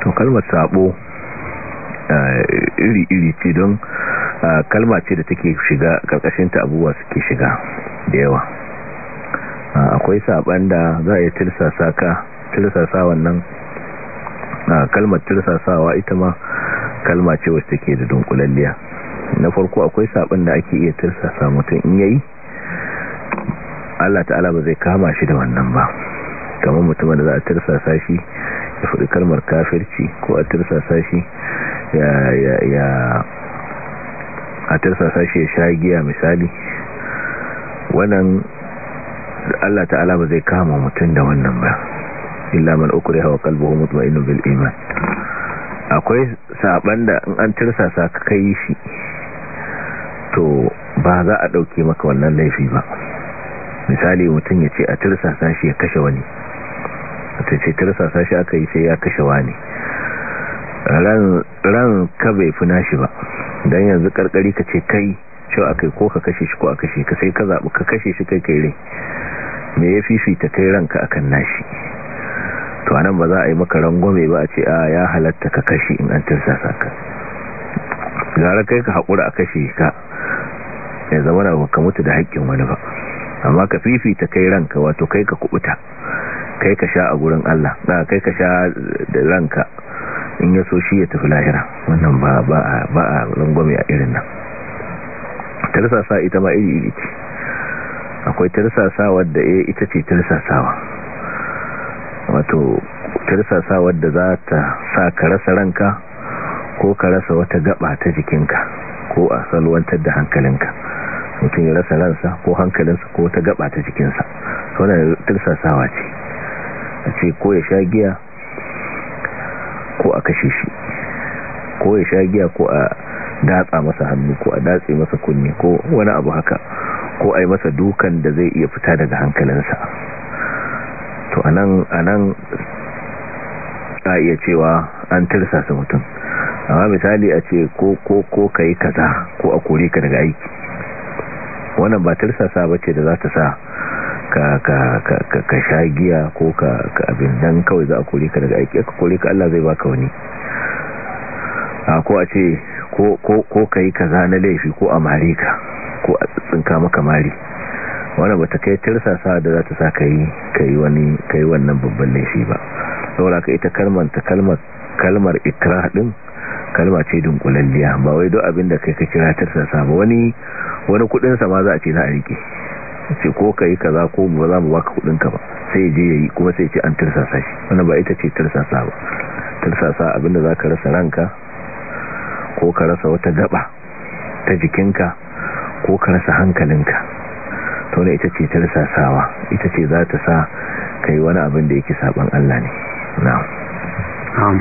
to kalmar sako iri-iri ce don kalma ce da take shiga karkashinta ta abubuwa suke shiga da yawa akwai saban da za a yi tirsasa ka tirsasa wannan kalmar tirsasawa ita ma kalma ce wasu take da dunkulalliya na farko akwai saban da ake iya tirsasa mutum in yayi Allah ta'ala ba zai kama shi da wannan ba kamar mutumin da za a tirsasa shi ya faɗi kalmar kafirci ko a tirsasa shi ya ya a tirsasa shi ya sha giya misali wannan Allah ta'ala ba zai kama mutum da wannan ba illa man hawa wa qalbuhu mutmainu bil iman akwai saban da in an tirsasa ka kai shi to ba za a dauke maka wannan laifi ba misali mutum ya ce a tirsasa shi ya kashe wani ta ce tirsasa shi aka yi sai ya kashe wani ran ka bai funa shi ba don yanzu karkari ka ce kai cewa akai ko ka kashe shi ko a kashe ka sai ka zabi ka kashe shi kai kai rai me ya fifita kai ranka akan nashi to anan ba za a yi maka rangwame ba a ce a ah, ya halatta ka kashe in an tinsa ka gara kai ka haƙura a kashe ka ya zama na ka mutu da haƙƙin wani ba amma ka fifita kai ranka wato kai ka kubuta kai ka sha a gurin Allah da kai ka sha da ranka in ya so shi ya tafi lahira wannan ba ba ba rangwame a irin nan tarsasa ita ma iri iri ce akwai tirsasa wadda ya eh, ita ce wa wato tirsasa wadda za ta sa ka rasa ranka ko ka rasa wata gaba ta jikinka ko a salwantar da hankalinka mutum ya rasa ransa ko hankalinsa ko wata gaba ta jikinsa wannan wa ce a ce ko ya sha giya ko a kashe shi ko ya sha giya ko a datsa masa hannu ko a datse masa kunni ko wani abu haka ko a yi masa dukan da zai iya fita daga hankalinsa to anan nan a iya cewa an su mutum amma misali a ce ko ko ko yi kaza ko a kore ka daga aiki wannan ba ba bace da za ta sa ka ka ka ka, ka sha giya ko ka ka abin dan kawai za a kore ka daga aiki ka kore ka Allah zai baka wani a ko a ce ko ko ko kai kaza na laifi ko a mare ka ko a tsinka maka mari ba bata kai tirsasa da za ta sa kai kai wani kai wannan babban laifi ba saboda ka ita kalmar ta kalmar kalmar ikrah din kalma ce dunkulalliya ba wai duk abin da kai ka kira tirsasa ba wani wani kudin sa ma za a ce na a rike ce ko kai kaza ko ba za mu baka kudin ka ba sai je yayi kuma sai ce an tirsasa shi wannan ba ita ce tirsasa ba tirsasa abinda ka rasa ranka ko ka rasa wata gaba ta jikinka ko ka rasa hankalinka to ne ita ce ta risasawa ita ce za ta sa kai wani abin da yake saban Allah ne na'am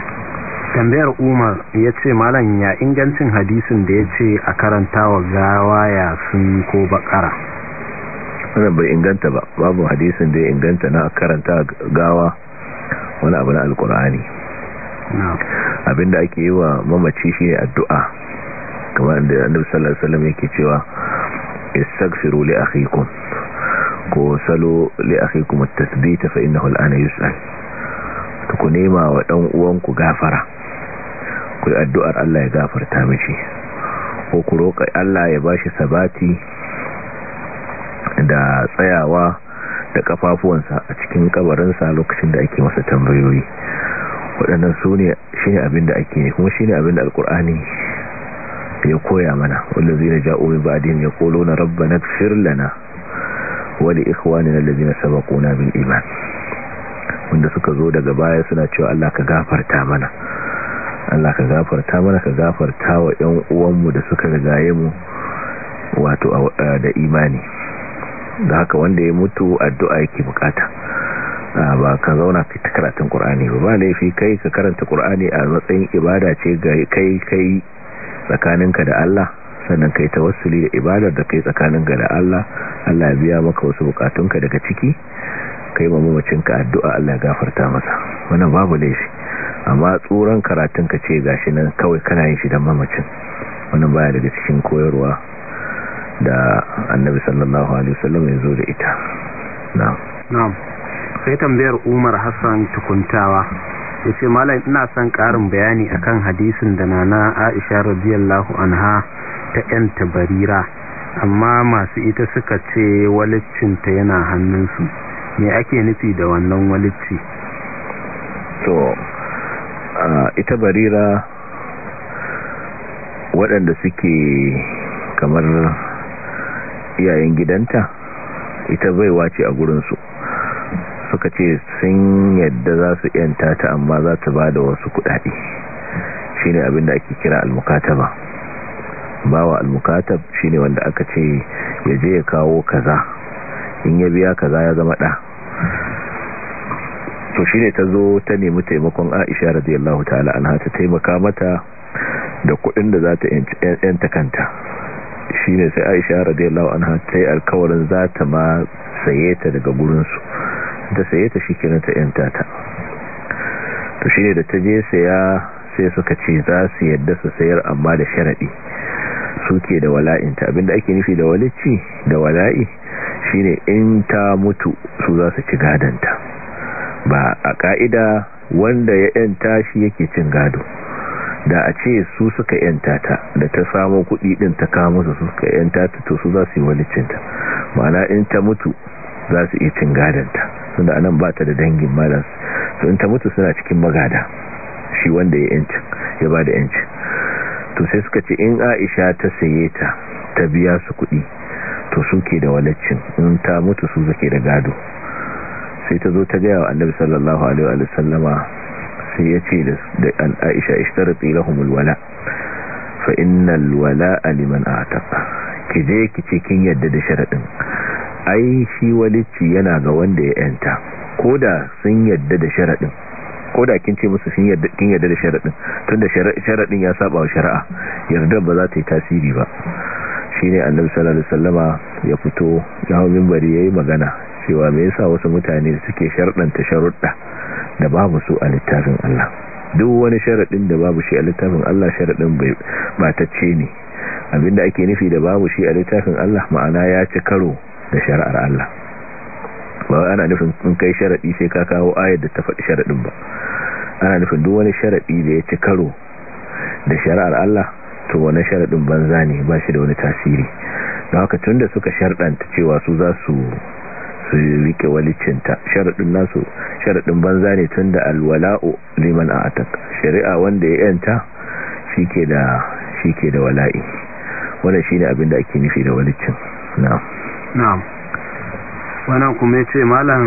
tambayar umar ya ce malam ya ingancin hadisin da ya ce a karantawa gawa ya sun ko bakara wannan bai inganta ba babu hadisin da ya inganta na karanta gawa wani abu na alkur'ani abinda ake yi wa mamaci ne addu'a kamar da annabi sallallahu alaihi wasallam yake cewa istaghfiru li akhikum ko salo li akhikum at-tathbita fa innahu al-ana yus'al ku nema wa dan uwanku gafara ku yi addu'ar Allah ya gafarta miki ko ku roƙa Allah ya bashi sabati da tsayawa da kafafuwansa a cikin kabarinsa lokacin da ake masa tambayoyi waɗannan su ne shi ne abin da ake ne kuma shi ne abin da alkur'ani ya koya mana wanda zai na ja'o'i ba din ya kolo na rabba na firlana wani ikwani na lalzina saba kuna bin iman wanda suka zo daga baya suna cewa allah ka gafarta mana allah ka gafarta mana ka gafarta wa 'yan uwanmu da suka rigaye mu wato da imani da haka wanda ya mutu addu'a yake bukata ba ka zauna ka karatun qur'ani ba ba laifi kai ka karanta qur'ani a matsayin ibada ce ga kai kai tsakaninka da Allah sannan kai ta tawassuli da ibadar da kai tsakaninka da Allah Allah ya biya maka wasu bukatunka daga ciki kai ma mamacinka addu'a Allah ya gafarta masa wannan babu laifi amma tsoron karatunka ce gashi nan kawai kana yin shi dan mamacin wannan baya daga cikin koyarwa da annabi sallallahu alaihi wasallam ya zo da ita na'am na'am sai tambayar umar hassan tukuntawa ya ce malam ina son karin bayani akan hadisin da nana aisha radiyallahu anha ta yan tabarira amma masu ita suka ce walicinta yana hannunsu me ake nufi da wannan walicci to ita barira waɗanda suke kamar iyayen gidanta ita baiwa ce a gurinsu suka ce sun yadda za su yanta ta amma za ta ba da wasu kudade shine abin da ake kira almukataba bawa almukatab shine wanda aka ce ya je ya kawo kaza in ya biya kaza ya zama ɗa to shine ta zo ta nemi taimakon Aisha radiyallahu ta'ala an ta taimaka mata da kudin da za ta yanta kanta shine sai Aisha radiyallahu anha ta yi alkawarin za ta ma saye ta daga gurinsu ta saye ta shi kenan ta yanta ta to shi da ta je saya sai suka ce za su yadda su sayar amma da sharaɗi suke da wala'inta abinda ake nufi da walici da wala'i shine in ta mutu su za su ci gadanta ba a ka'ida wanda ya yanta shi yake cin gado da a ce su suka yanta ta da ta samu kuɗi din ta kawo musu su suka yanta ta to su za su yi walicinta ma'ana in ta mutu za su iya cin gadanta suna nan ba ta da dangin malam su in ta mutu suna cikin magada shi wanda ya yanci ya ba da yanci to sai suka ce in aisha ta saye ta ta biya su kuɗi to suke da walaccin in ta mutu su zake da gado sai ta zo ta gaya wa annabi sallallahu alaihi wa sallama sai ya ce da aisha ishtarati lahumul wala fa innal wala liman ataqa ki je ki ce kin yadda da sharadin ai shi walicci yana ga wanda ya yanta ko da sun yadda da sharaɗin ko kin ce musu sun yadda kin yadda da sharaɗin tunda sharaɗin ya saba wa shari'a yarda ba za ta yi tasiri ba shine annabi sallallahu alaihi wasallama ya fito ya hawo minbari yayi magana cewa me yasa wasu mutane suke sharɗanta sharudda da babu su a littafin Allah duk wani sharaɗin da babu shi a littafin Allah sharaɗin bai batacce ne abinda ake nufi da babu shi a littafin Allah ma'ana ya ci karo da shari'ar Allah ba ana nufin in kai sharadi sai ka kawo ayar da ta faɗi sharadin ba ana nufin duk wani sharadi da ya ci karo da shari'ar Allah to wani sharadin banza ne ba shi da wani tasiri don haka tunda suka sharɗanta cewa su za su su rike walicinta sharadin nasu sharadin banza ne tunda alwala'u liman a'tak shari'a wanda ya yanta shike da da wala'i wannan shine abin da ake nufi da walicin na'am na'am wannan kuma ya ce malam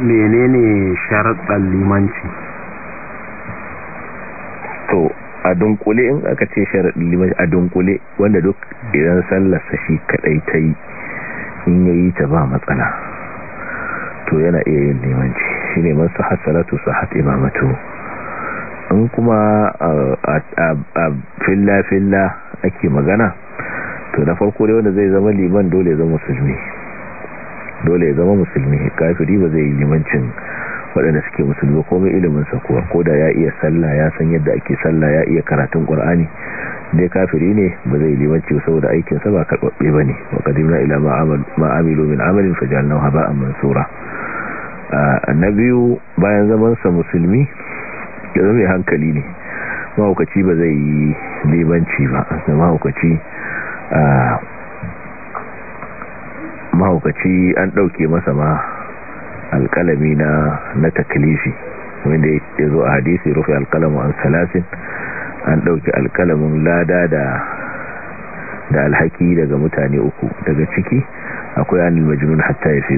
mene menene sharaɗar limanci to a dunkule in aka ce sharaɗar limanci a dunkule wanda duk idan sallarsa shi kaɗai ta yi in yi ta ba matsala to yana iya yin limanci shi ne masu hasalatu su haɗe mato in kuma a filla-filla ake magana to na farko dai wanda zai zama liman dole ya zama musulmi dole ya zama musulmi kafiri ba zai yi limancin waɗanda suke musulmi komai ilimin sa kuwa ko da ya iya sallah ya san yadda ake sallah ya iya karatun qur'ani dai kafiri ne ba zai limanci saboda aikin sa ba karbabbe bane wa qadimna ila ma amilu min amalin fajalnahu haba'an mansura annabiyu bayan zaman sa musulmi da zama hankali ne mahaukaci ba zai yi limanci ba mahaukaci mahaukaci an ɗauke masa ma alƙalami na na taklifi wanda ya zo a hadisi rufe alƙalamin an salasin an ɗauki alƙalamin lada da da alhaki daga mutane uku daga ciki akwai anil majinun hatta ya fi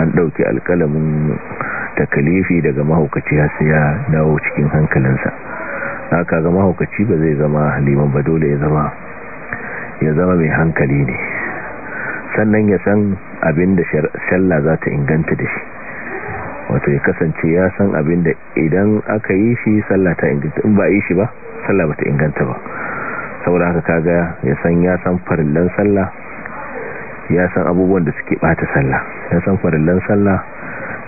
an ɗauki alƙalamin takalifi daga mahaukaci har sai ya dawo cikin hankalinsa haka ga mahaukaci ba zai zama liman ba dole ya zama ya zama mai hankali ne sannan ya san abin da sallah za ta inganta da shi wato ya kasance ya san abin da idan aka yi shi salla ta inganta in ba yi shi ba salla ba ta inganta ba saboda haka kaga ya san ya san farillan salla ya san abubuwan da suke bata salla ya san farillan salla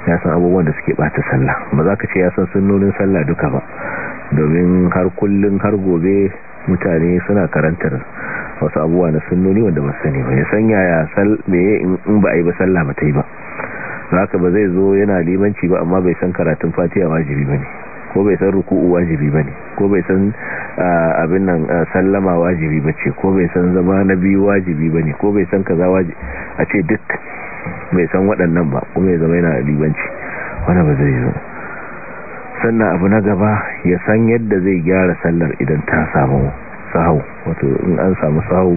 ya san abubuwan da suke bata salla ba za ka ce ya san sunnonin salla duka ba domin har kullun har gobe mutane suna karantar wasu abuwa na sunnoni wanda ba sani ba ya sal yaya meye in ba a yi ba sallah ba ta yi ba haka ba zai zo yana limanci ba amma bai san karatun fatiya wajibi ba ne ko bai san ruku'u wajibi ba ne ko bai san abin nan sallama wajibi ba ce ko bai san zama na biyu wajibi ba ne ko bai san kaza wajibi a ce duk bai san waɗannan ba kuma ya zama yana limanci wani ba zai zo sannan abu na gaba ya san yadda zai gyara sallar idan ta samu sahau wato in an samu sahau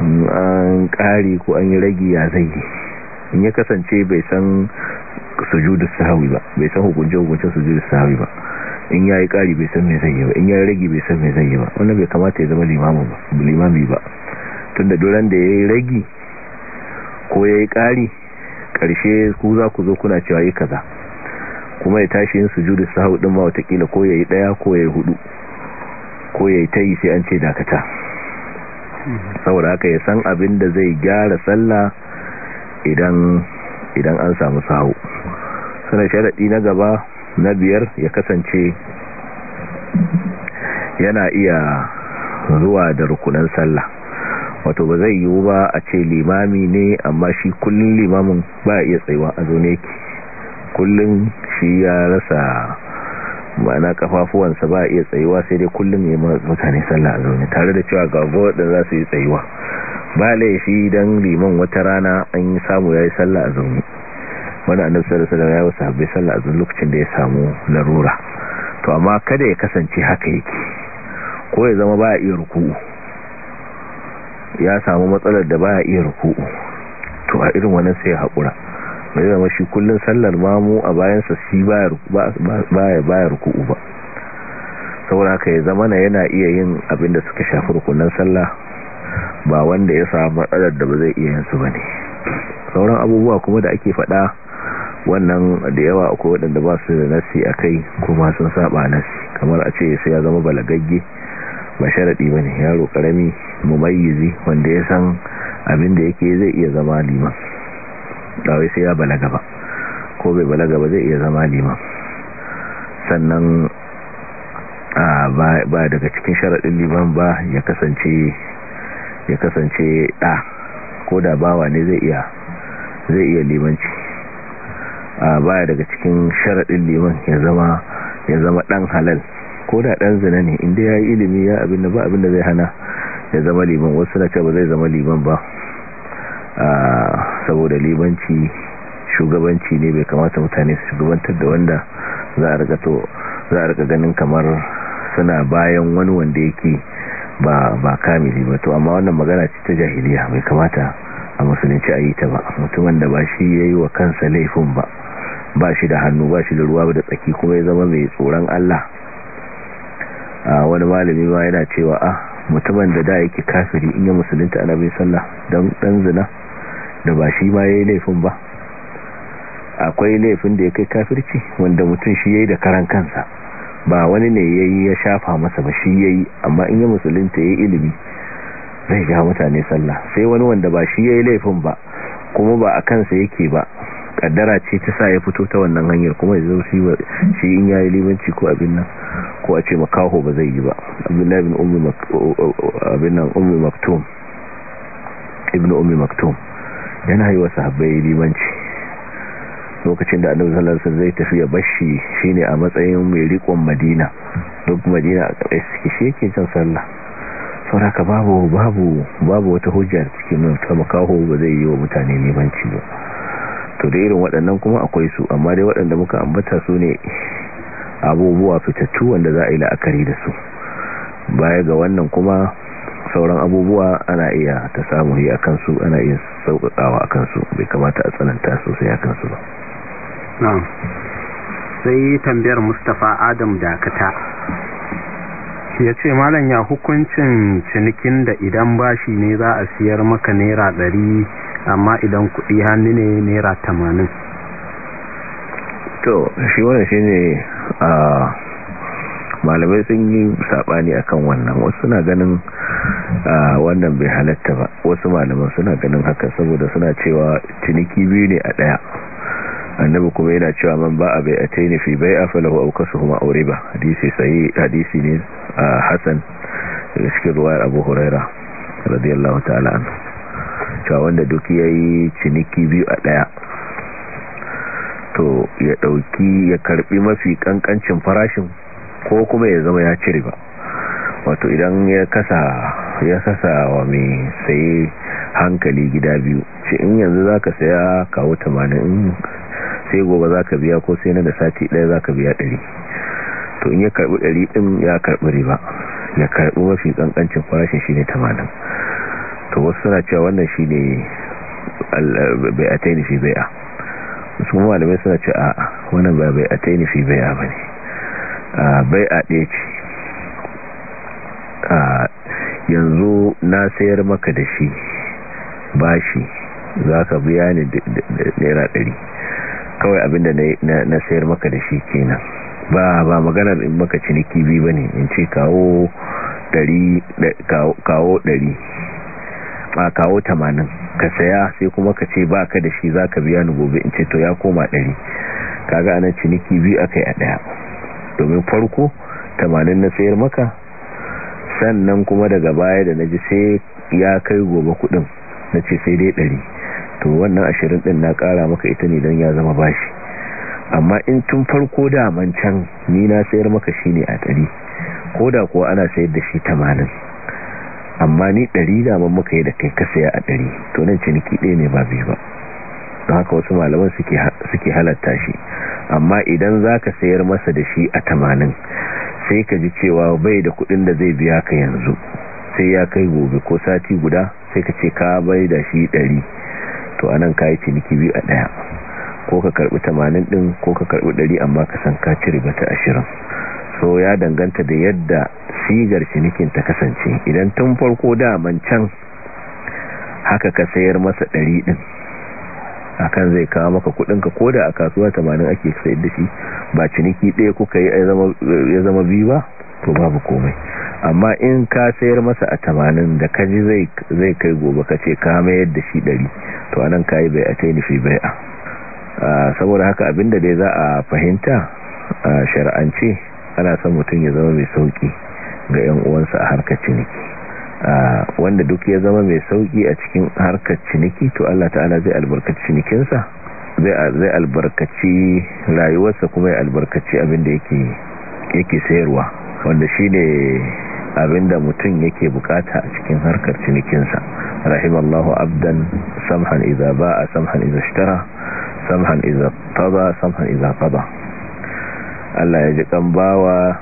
an kari ko an yi ragi ya zai yi in ya kasance bai san sujudu sahawi ba bai san hukunce hukuncin sujudu sahawi ba in ya yi kari bai san mai zai yi ba in ya yi ragi bai san mai zai yi ba wanda bai kamata ya zama limami ba tun da duran da ya yi ragi ko ya yi kari ƙarshe ku za ku zo kuna cewa yi kaza kuma ya tashi yin sujudu sahau ɗin ma watakila ko ya yi ɗaya ko ya yi hudu ko ya yayi yi sai an ce dakata saboda haka ya san abin da zai gyara sallah idan an samu sahau suna sharaɗi na gaba na biyar ya kasance yana iya zuwa da rukunan sallah wato ba zai yiwu ba a ce limami ne amma shi kullum limamin ba iya tsayuwa a zo ne yake kullum shi ya rasa ma'ana kafafuwansa ba iya tsayuwa sai dai kullum ya mutane sallah a zaune tare da cewa ga waɗanda za su yi tsayuwa ba laifi don liman wata rana an yi samu ya yi sallah a zaune wani annab sarasa da ya wasa bai sallah a zaune lokacin da ya samu larura to amma kada ya kasance haka yake ko ya zama ba iya ruku'u ya samu matsalar da ba iya ruku'u to a irin wani sai ya haƙura mai zama shi kullum sallar mamu a bayansa shi baya baya ruku'u ba saboda haka ya zama na yana iya yin abin da suka shafi rukunan sallah ba wanda ya samu matsalar da ba zai iya yin su bane sauran abubuwa kuma da ake faɗa wannan da yawa akwai waɗanda ba su da nasi a kai kuma sun saba nasi kamar a ce sai ya zama balagagge ba sharaɗi ba ne yaro ƙarami mumayyizi wanda ya san abin da yake zai iya zama liman dawai sai ya balaga ba ko bai balaga ba zai iya zama liman sannan ba daga cikin sharaɗin liman ba ya kasance ya kasance ɗa ko da bawa ne zai iya zai iya limanci ba daga cikin sharaɗin liman ya zama ya zama ɗan halal ko da ɗan zina ne inda ya yi ilimi ya abin da ba abin da zai hana ya zama liman wasu na ce ba zai zama liman ba saboda libanci shugabanci ne bai kamata mutane su shugabantar da wanda za a rika ganin kamar suna bayan wani wanda yake ba ba kamili ba to amma wannan magana ce ta jahiliya bai kamata a musulunci a yi ta ba mutumin da ba shi ya yi wa kansa laifin ba ba shi da hannu ba shi da ruwa da tsaki kuma ya zama mai tsoron Allah wani malami ma yana cewa a ah, mutumin da da yake kafiri in ya musulunta anabin sallah don dan zina da ba shi ma yayi laifin ba akwai laifin da ya kai kafirci wanda mutum shi yayi da karan kansa ba wani ne yayi ya shafa masa ba shi yayi amma in ya musulunta yi ilimi zai ga mutane sallah sai wani wanda ba shi ya yi laifin ba kuma ba a kansa yake ba kaddara ce ta sa ya fito ta wannan hanyar kuma ya zo shi in yayi limanci ko abin nan ko a ce makaho ba zai yi ba abdullahi nan ummi maktum ibn maktum yana yi wa sahabbai limanci lokacin da annabi sallallahu alaihi zai tafi ya bashi shine a matsayin mai rikon madina duk madina a kaɗai suke shi yake jin sallah sauraka babu babu babu wata hujja cikin nan ta makaho ba zai yi wa mutane limanci ba to da irin waɗannan kuma akwai su amma dai waɗanda muka ambata su ne abubuwa fitattu wanda za a yi la'akari da su baya ga wannan kuma sauran abubuwa ana iya ta samu yi a kansu ana iya sauƙaƙawa a kansu bai kamata a tsananta sosai a kansu ba sai tambayar mustapha adam dakata ya ce malam ya hukuncin cinikin da idan bashi ne za a siyar maka naira ɗari amma idan kuɗi hannu ne naira tamanin to shi wani shi ne a ah, malamai sun yi sabani akan wannan wasu suna ganin wannan bai halatta ba wasu malaman suna ganin haka saboda suna cewa ciniki biyu ne a daya annabi kuma yana cewa man ba a bai a taini fi bai a falahu su kuma aure ba hadisi sai hadisi ne a hasan daga cikin ruwayar abu huraira radiyallahu ta'ala an cewa wanda duk yi ciniki biyu a daya to ya dauki ya karbi mafi kankancin farashin ko kuma ya zama ya cire ba wato idan ya kasa ya kasa wa mai saye hankali gida biyu ce in yanzu za ka saya kawo 80 sai gobe za ka biya ko sai na da sati daya za ka biya 100 to in ya karɓi 100 din ya karɓi riba ya karɓi mafi kankancin farashin shi ne 80 to wasu suna cewa wannan shi ne bai a taini fi wasu musamman malamai suna cewa a wannan ba bai a taini fi bai'a ba ne bai a ɗaya ce a yanzu na sayar maka da shi bashi za ka biya ni naira ɗari kawai abinda na sayar maka da shi kenan ba ba maganar in maka ciniki biyu ba ne in ce kawo ɗari kawo kawo tamanin ka saya sai kuma ka ce ba ka da shi za ka biya ni gobe in ce to ya koma ɗari kaga ana ciniki biyu aka yi a ɗaya domin farko tamanin na sayar maka sannan kuma daga baya da na ji sai ya kai gobe kudin na ce sai dai ɗari to wannan ashirin din na kara maka ita ne don ya zama bashi amma in tun farko daman can ni na sayar maka shi ne a ɗari ko da kuwa ana sayar da shi tamanin amma ni ɗari daman maka yi da kai ka saya a ɗari to nan ciniki ɗaya ne ba biyu ba don haka wasu malaman suke halatta shi amma idan za ka sayar masa da shi a tamanin sai ka ji cewa bai da kudin da zai biya ka yanzu sai ya kai gobe ko sati guda sai ka ce ka bai da shi ɗari to anan ka yi ciniki biyu a ɗaya ko ka karbi tamanin ɗin ko ka karɓi ɗari amma ka san ka cire bata ashirin so ya danganta da yadda sigar cinikin ta kasance idan tun farko daman can haka ka sayar masa ɗari ɗin akan zai kawo maka kudin ka da a kasuwa tamanin ake sayar da shi ba ciniki ɗaya kuka yi ya zama biyu ba to babu komai amma in ka sayar masa a tamanin da kaji zai kai gobe ka ce ka mayar da shi ɗari to anan yi bai a yi nufi bai a saboda haka abinda dai za a fahimta a shari'ance ana son mutum ya zama mai sauki ga 'yan uwansa a harkar ciniki wanda duk ya zama mai sauki a cikin harkar ciniki to Allah ta'ala zai albarkaci cinikinsa zai albarkaci rayuwarsa kuma ya albarkaci abinda yake yake sayarwa wanda shine abinda mutum yake bukata a cikin harkar cinikinsa rahimallahu abdan samhan idza ba'a samhan idza ishtara samhan idza taba samhan idza qada Allah ya ji kan bawa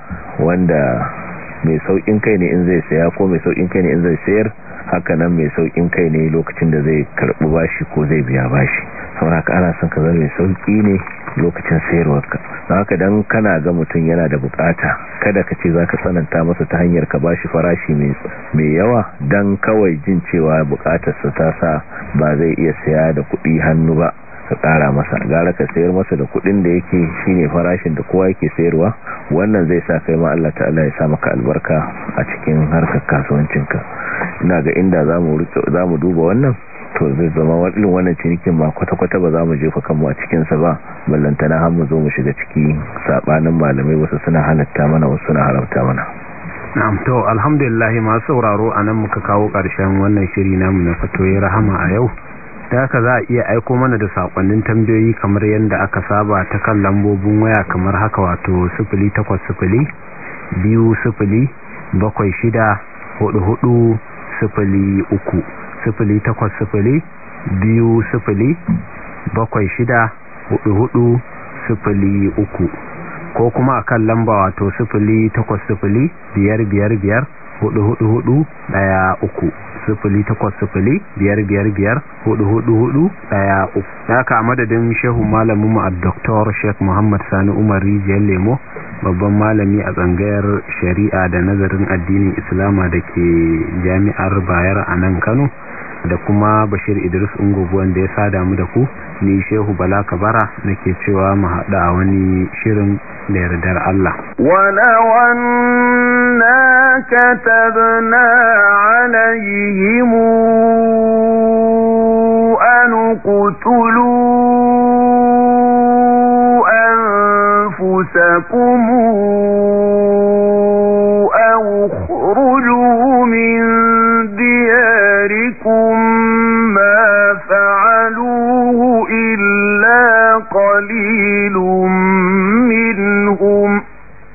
wanda mai saukin kai ne in zai saya ko mai saukin kai ne in zai sayar hakanan mai saukin kai ne lokacin da zai karɓi bashi ko zai biya bashi sau haka ana son ka zama mai sauki ne lokacin sayarwarka don haka don kana ga mutum yana da bukata kada ka ce za ka tsananta masa ta hanyar ka bashi farashi mai yawa don kawai jin cewa bukatarsa ta sa ba zai iya saya da kuɗi hannu ba ka kara masa gara ka sayar masa da kudin da yake shine farashin da kowa yake sayarwa wannan zai sa kai ma Allah ta'ala ya sa maka albarka a cikin harkar kasuwancinka ina ga inda zamu mu duba wannan to zai zama wadin wannan cinikin ma kwata-kwata ba za mu jefa kanmu a cikinsa ba ballantana har mu zo mu shiga ciki sabanin malamai wasu suna halatta mana wasu suna haramta mana na'am to alhamdulillah masu sauraro anan muka kawo ƙarshen wannan shiri namu na fatoyi rahama a yau da haka za a iya aiko mana da sakonnin tambayoyi kamar yadda aka saba ta kan lambobin waya kamar haka wato 0800 biyu sifili bakwai shida hudu hudu sifili uku sifili takwas sifili biyu sifili bakwai shida hudu hudu sifili uku ko kuma a kan lamba wato sifili takwas sifili biyar biyar biyar hudu daya uku sifili takwas sifili biyar biyar biyar hudu hudu hudu daya uku da aka madadin shehu malamin mu a doktor sheik muhammad sani umar rijiyar lemo babban malami a tsangayar shari'a da nazarin addinin islama da ke jami'ar bayar a nan kano da kuma bashir idris ungoguwan da ya sada mu da ku ni shehu bala kabara nake cewa mu haɗa a wani shirin da yardar allah wala wannan كتبنا عليهم أن اقتلوا أنفسكم أو اخرجوا من دياركم ما فعلوه إلا قليل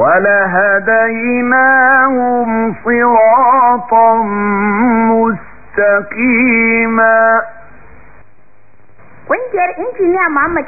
ولهديناهم صراطا مستقيما Ƙungiyar Injiniya Muhammad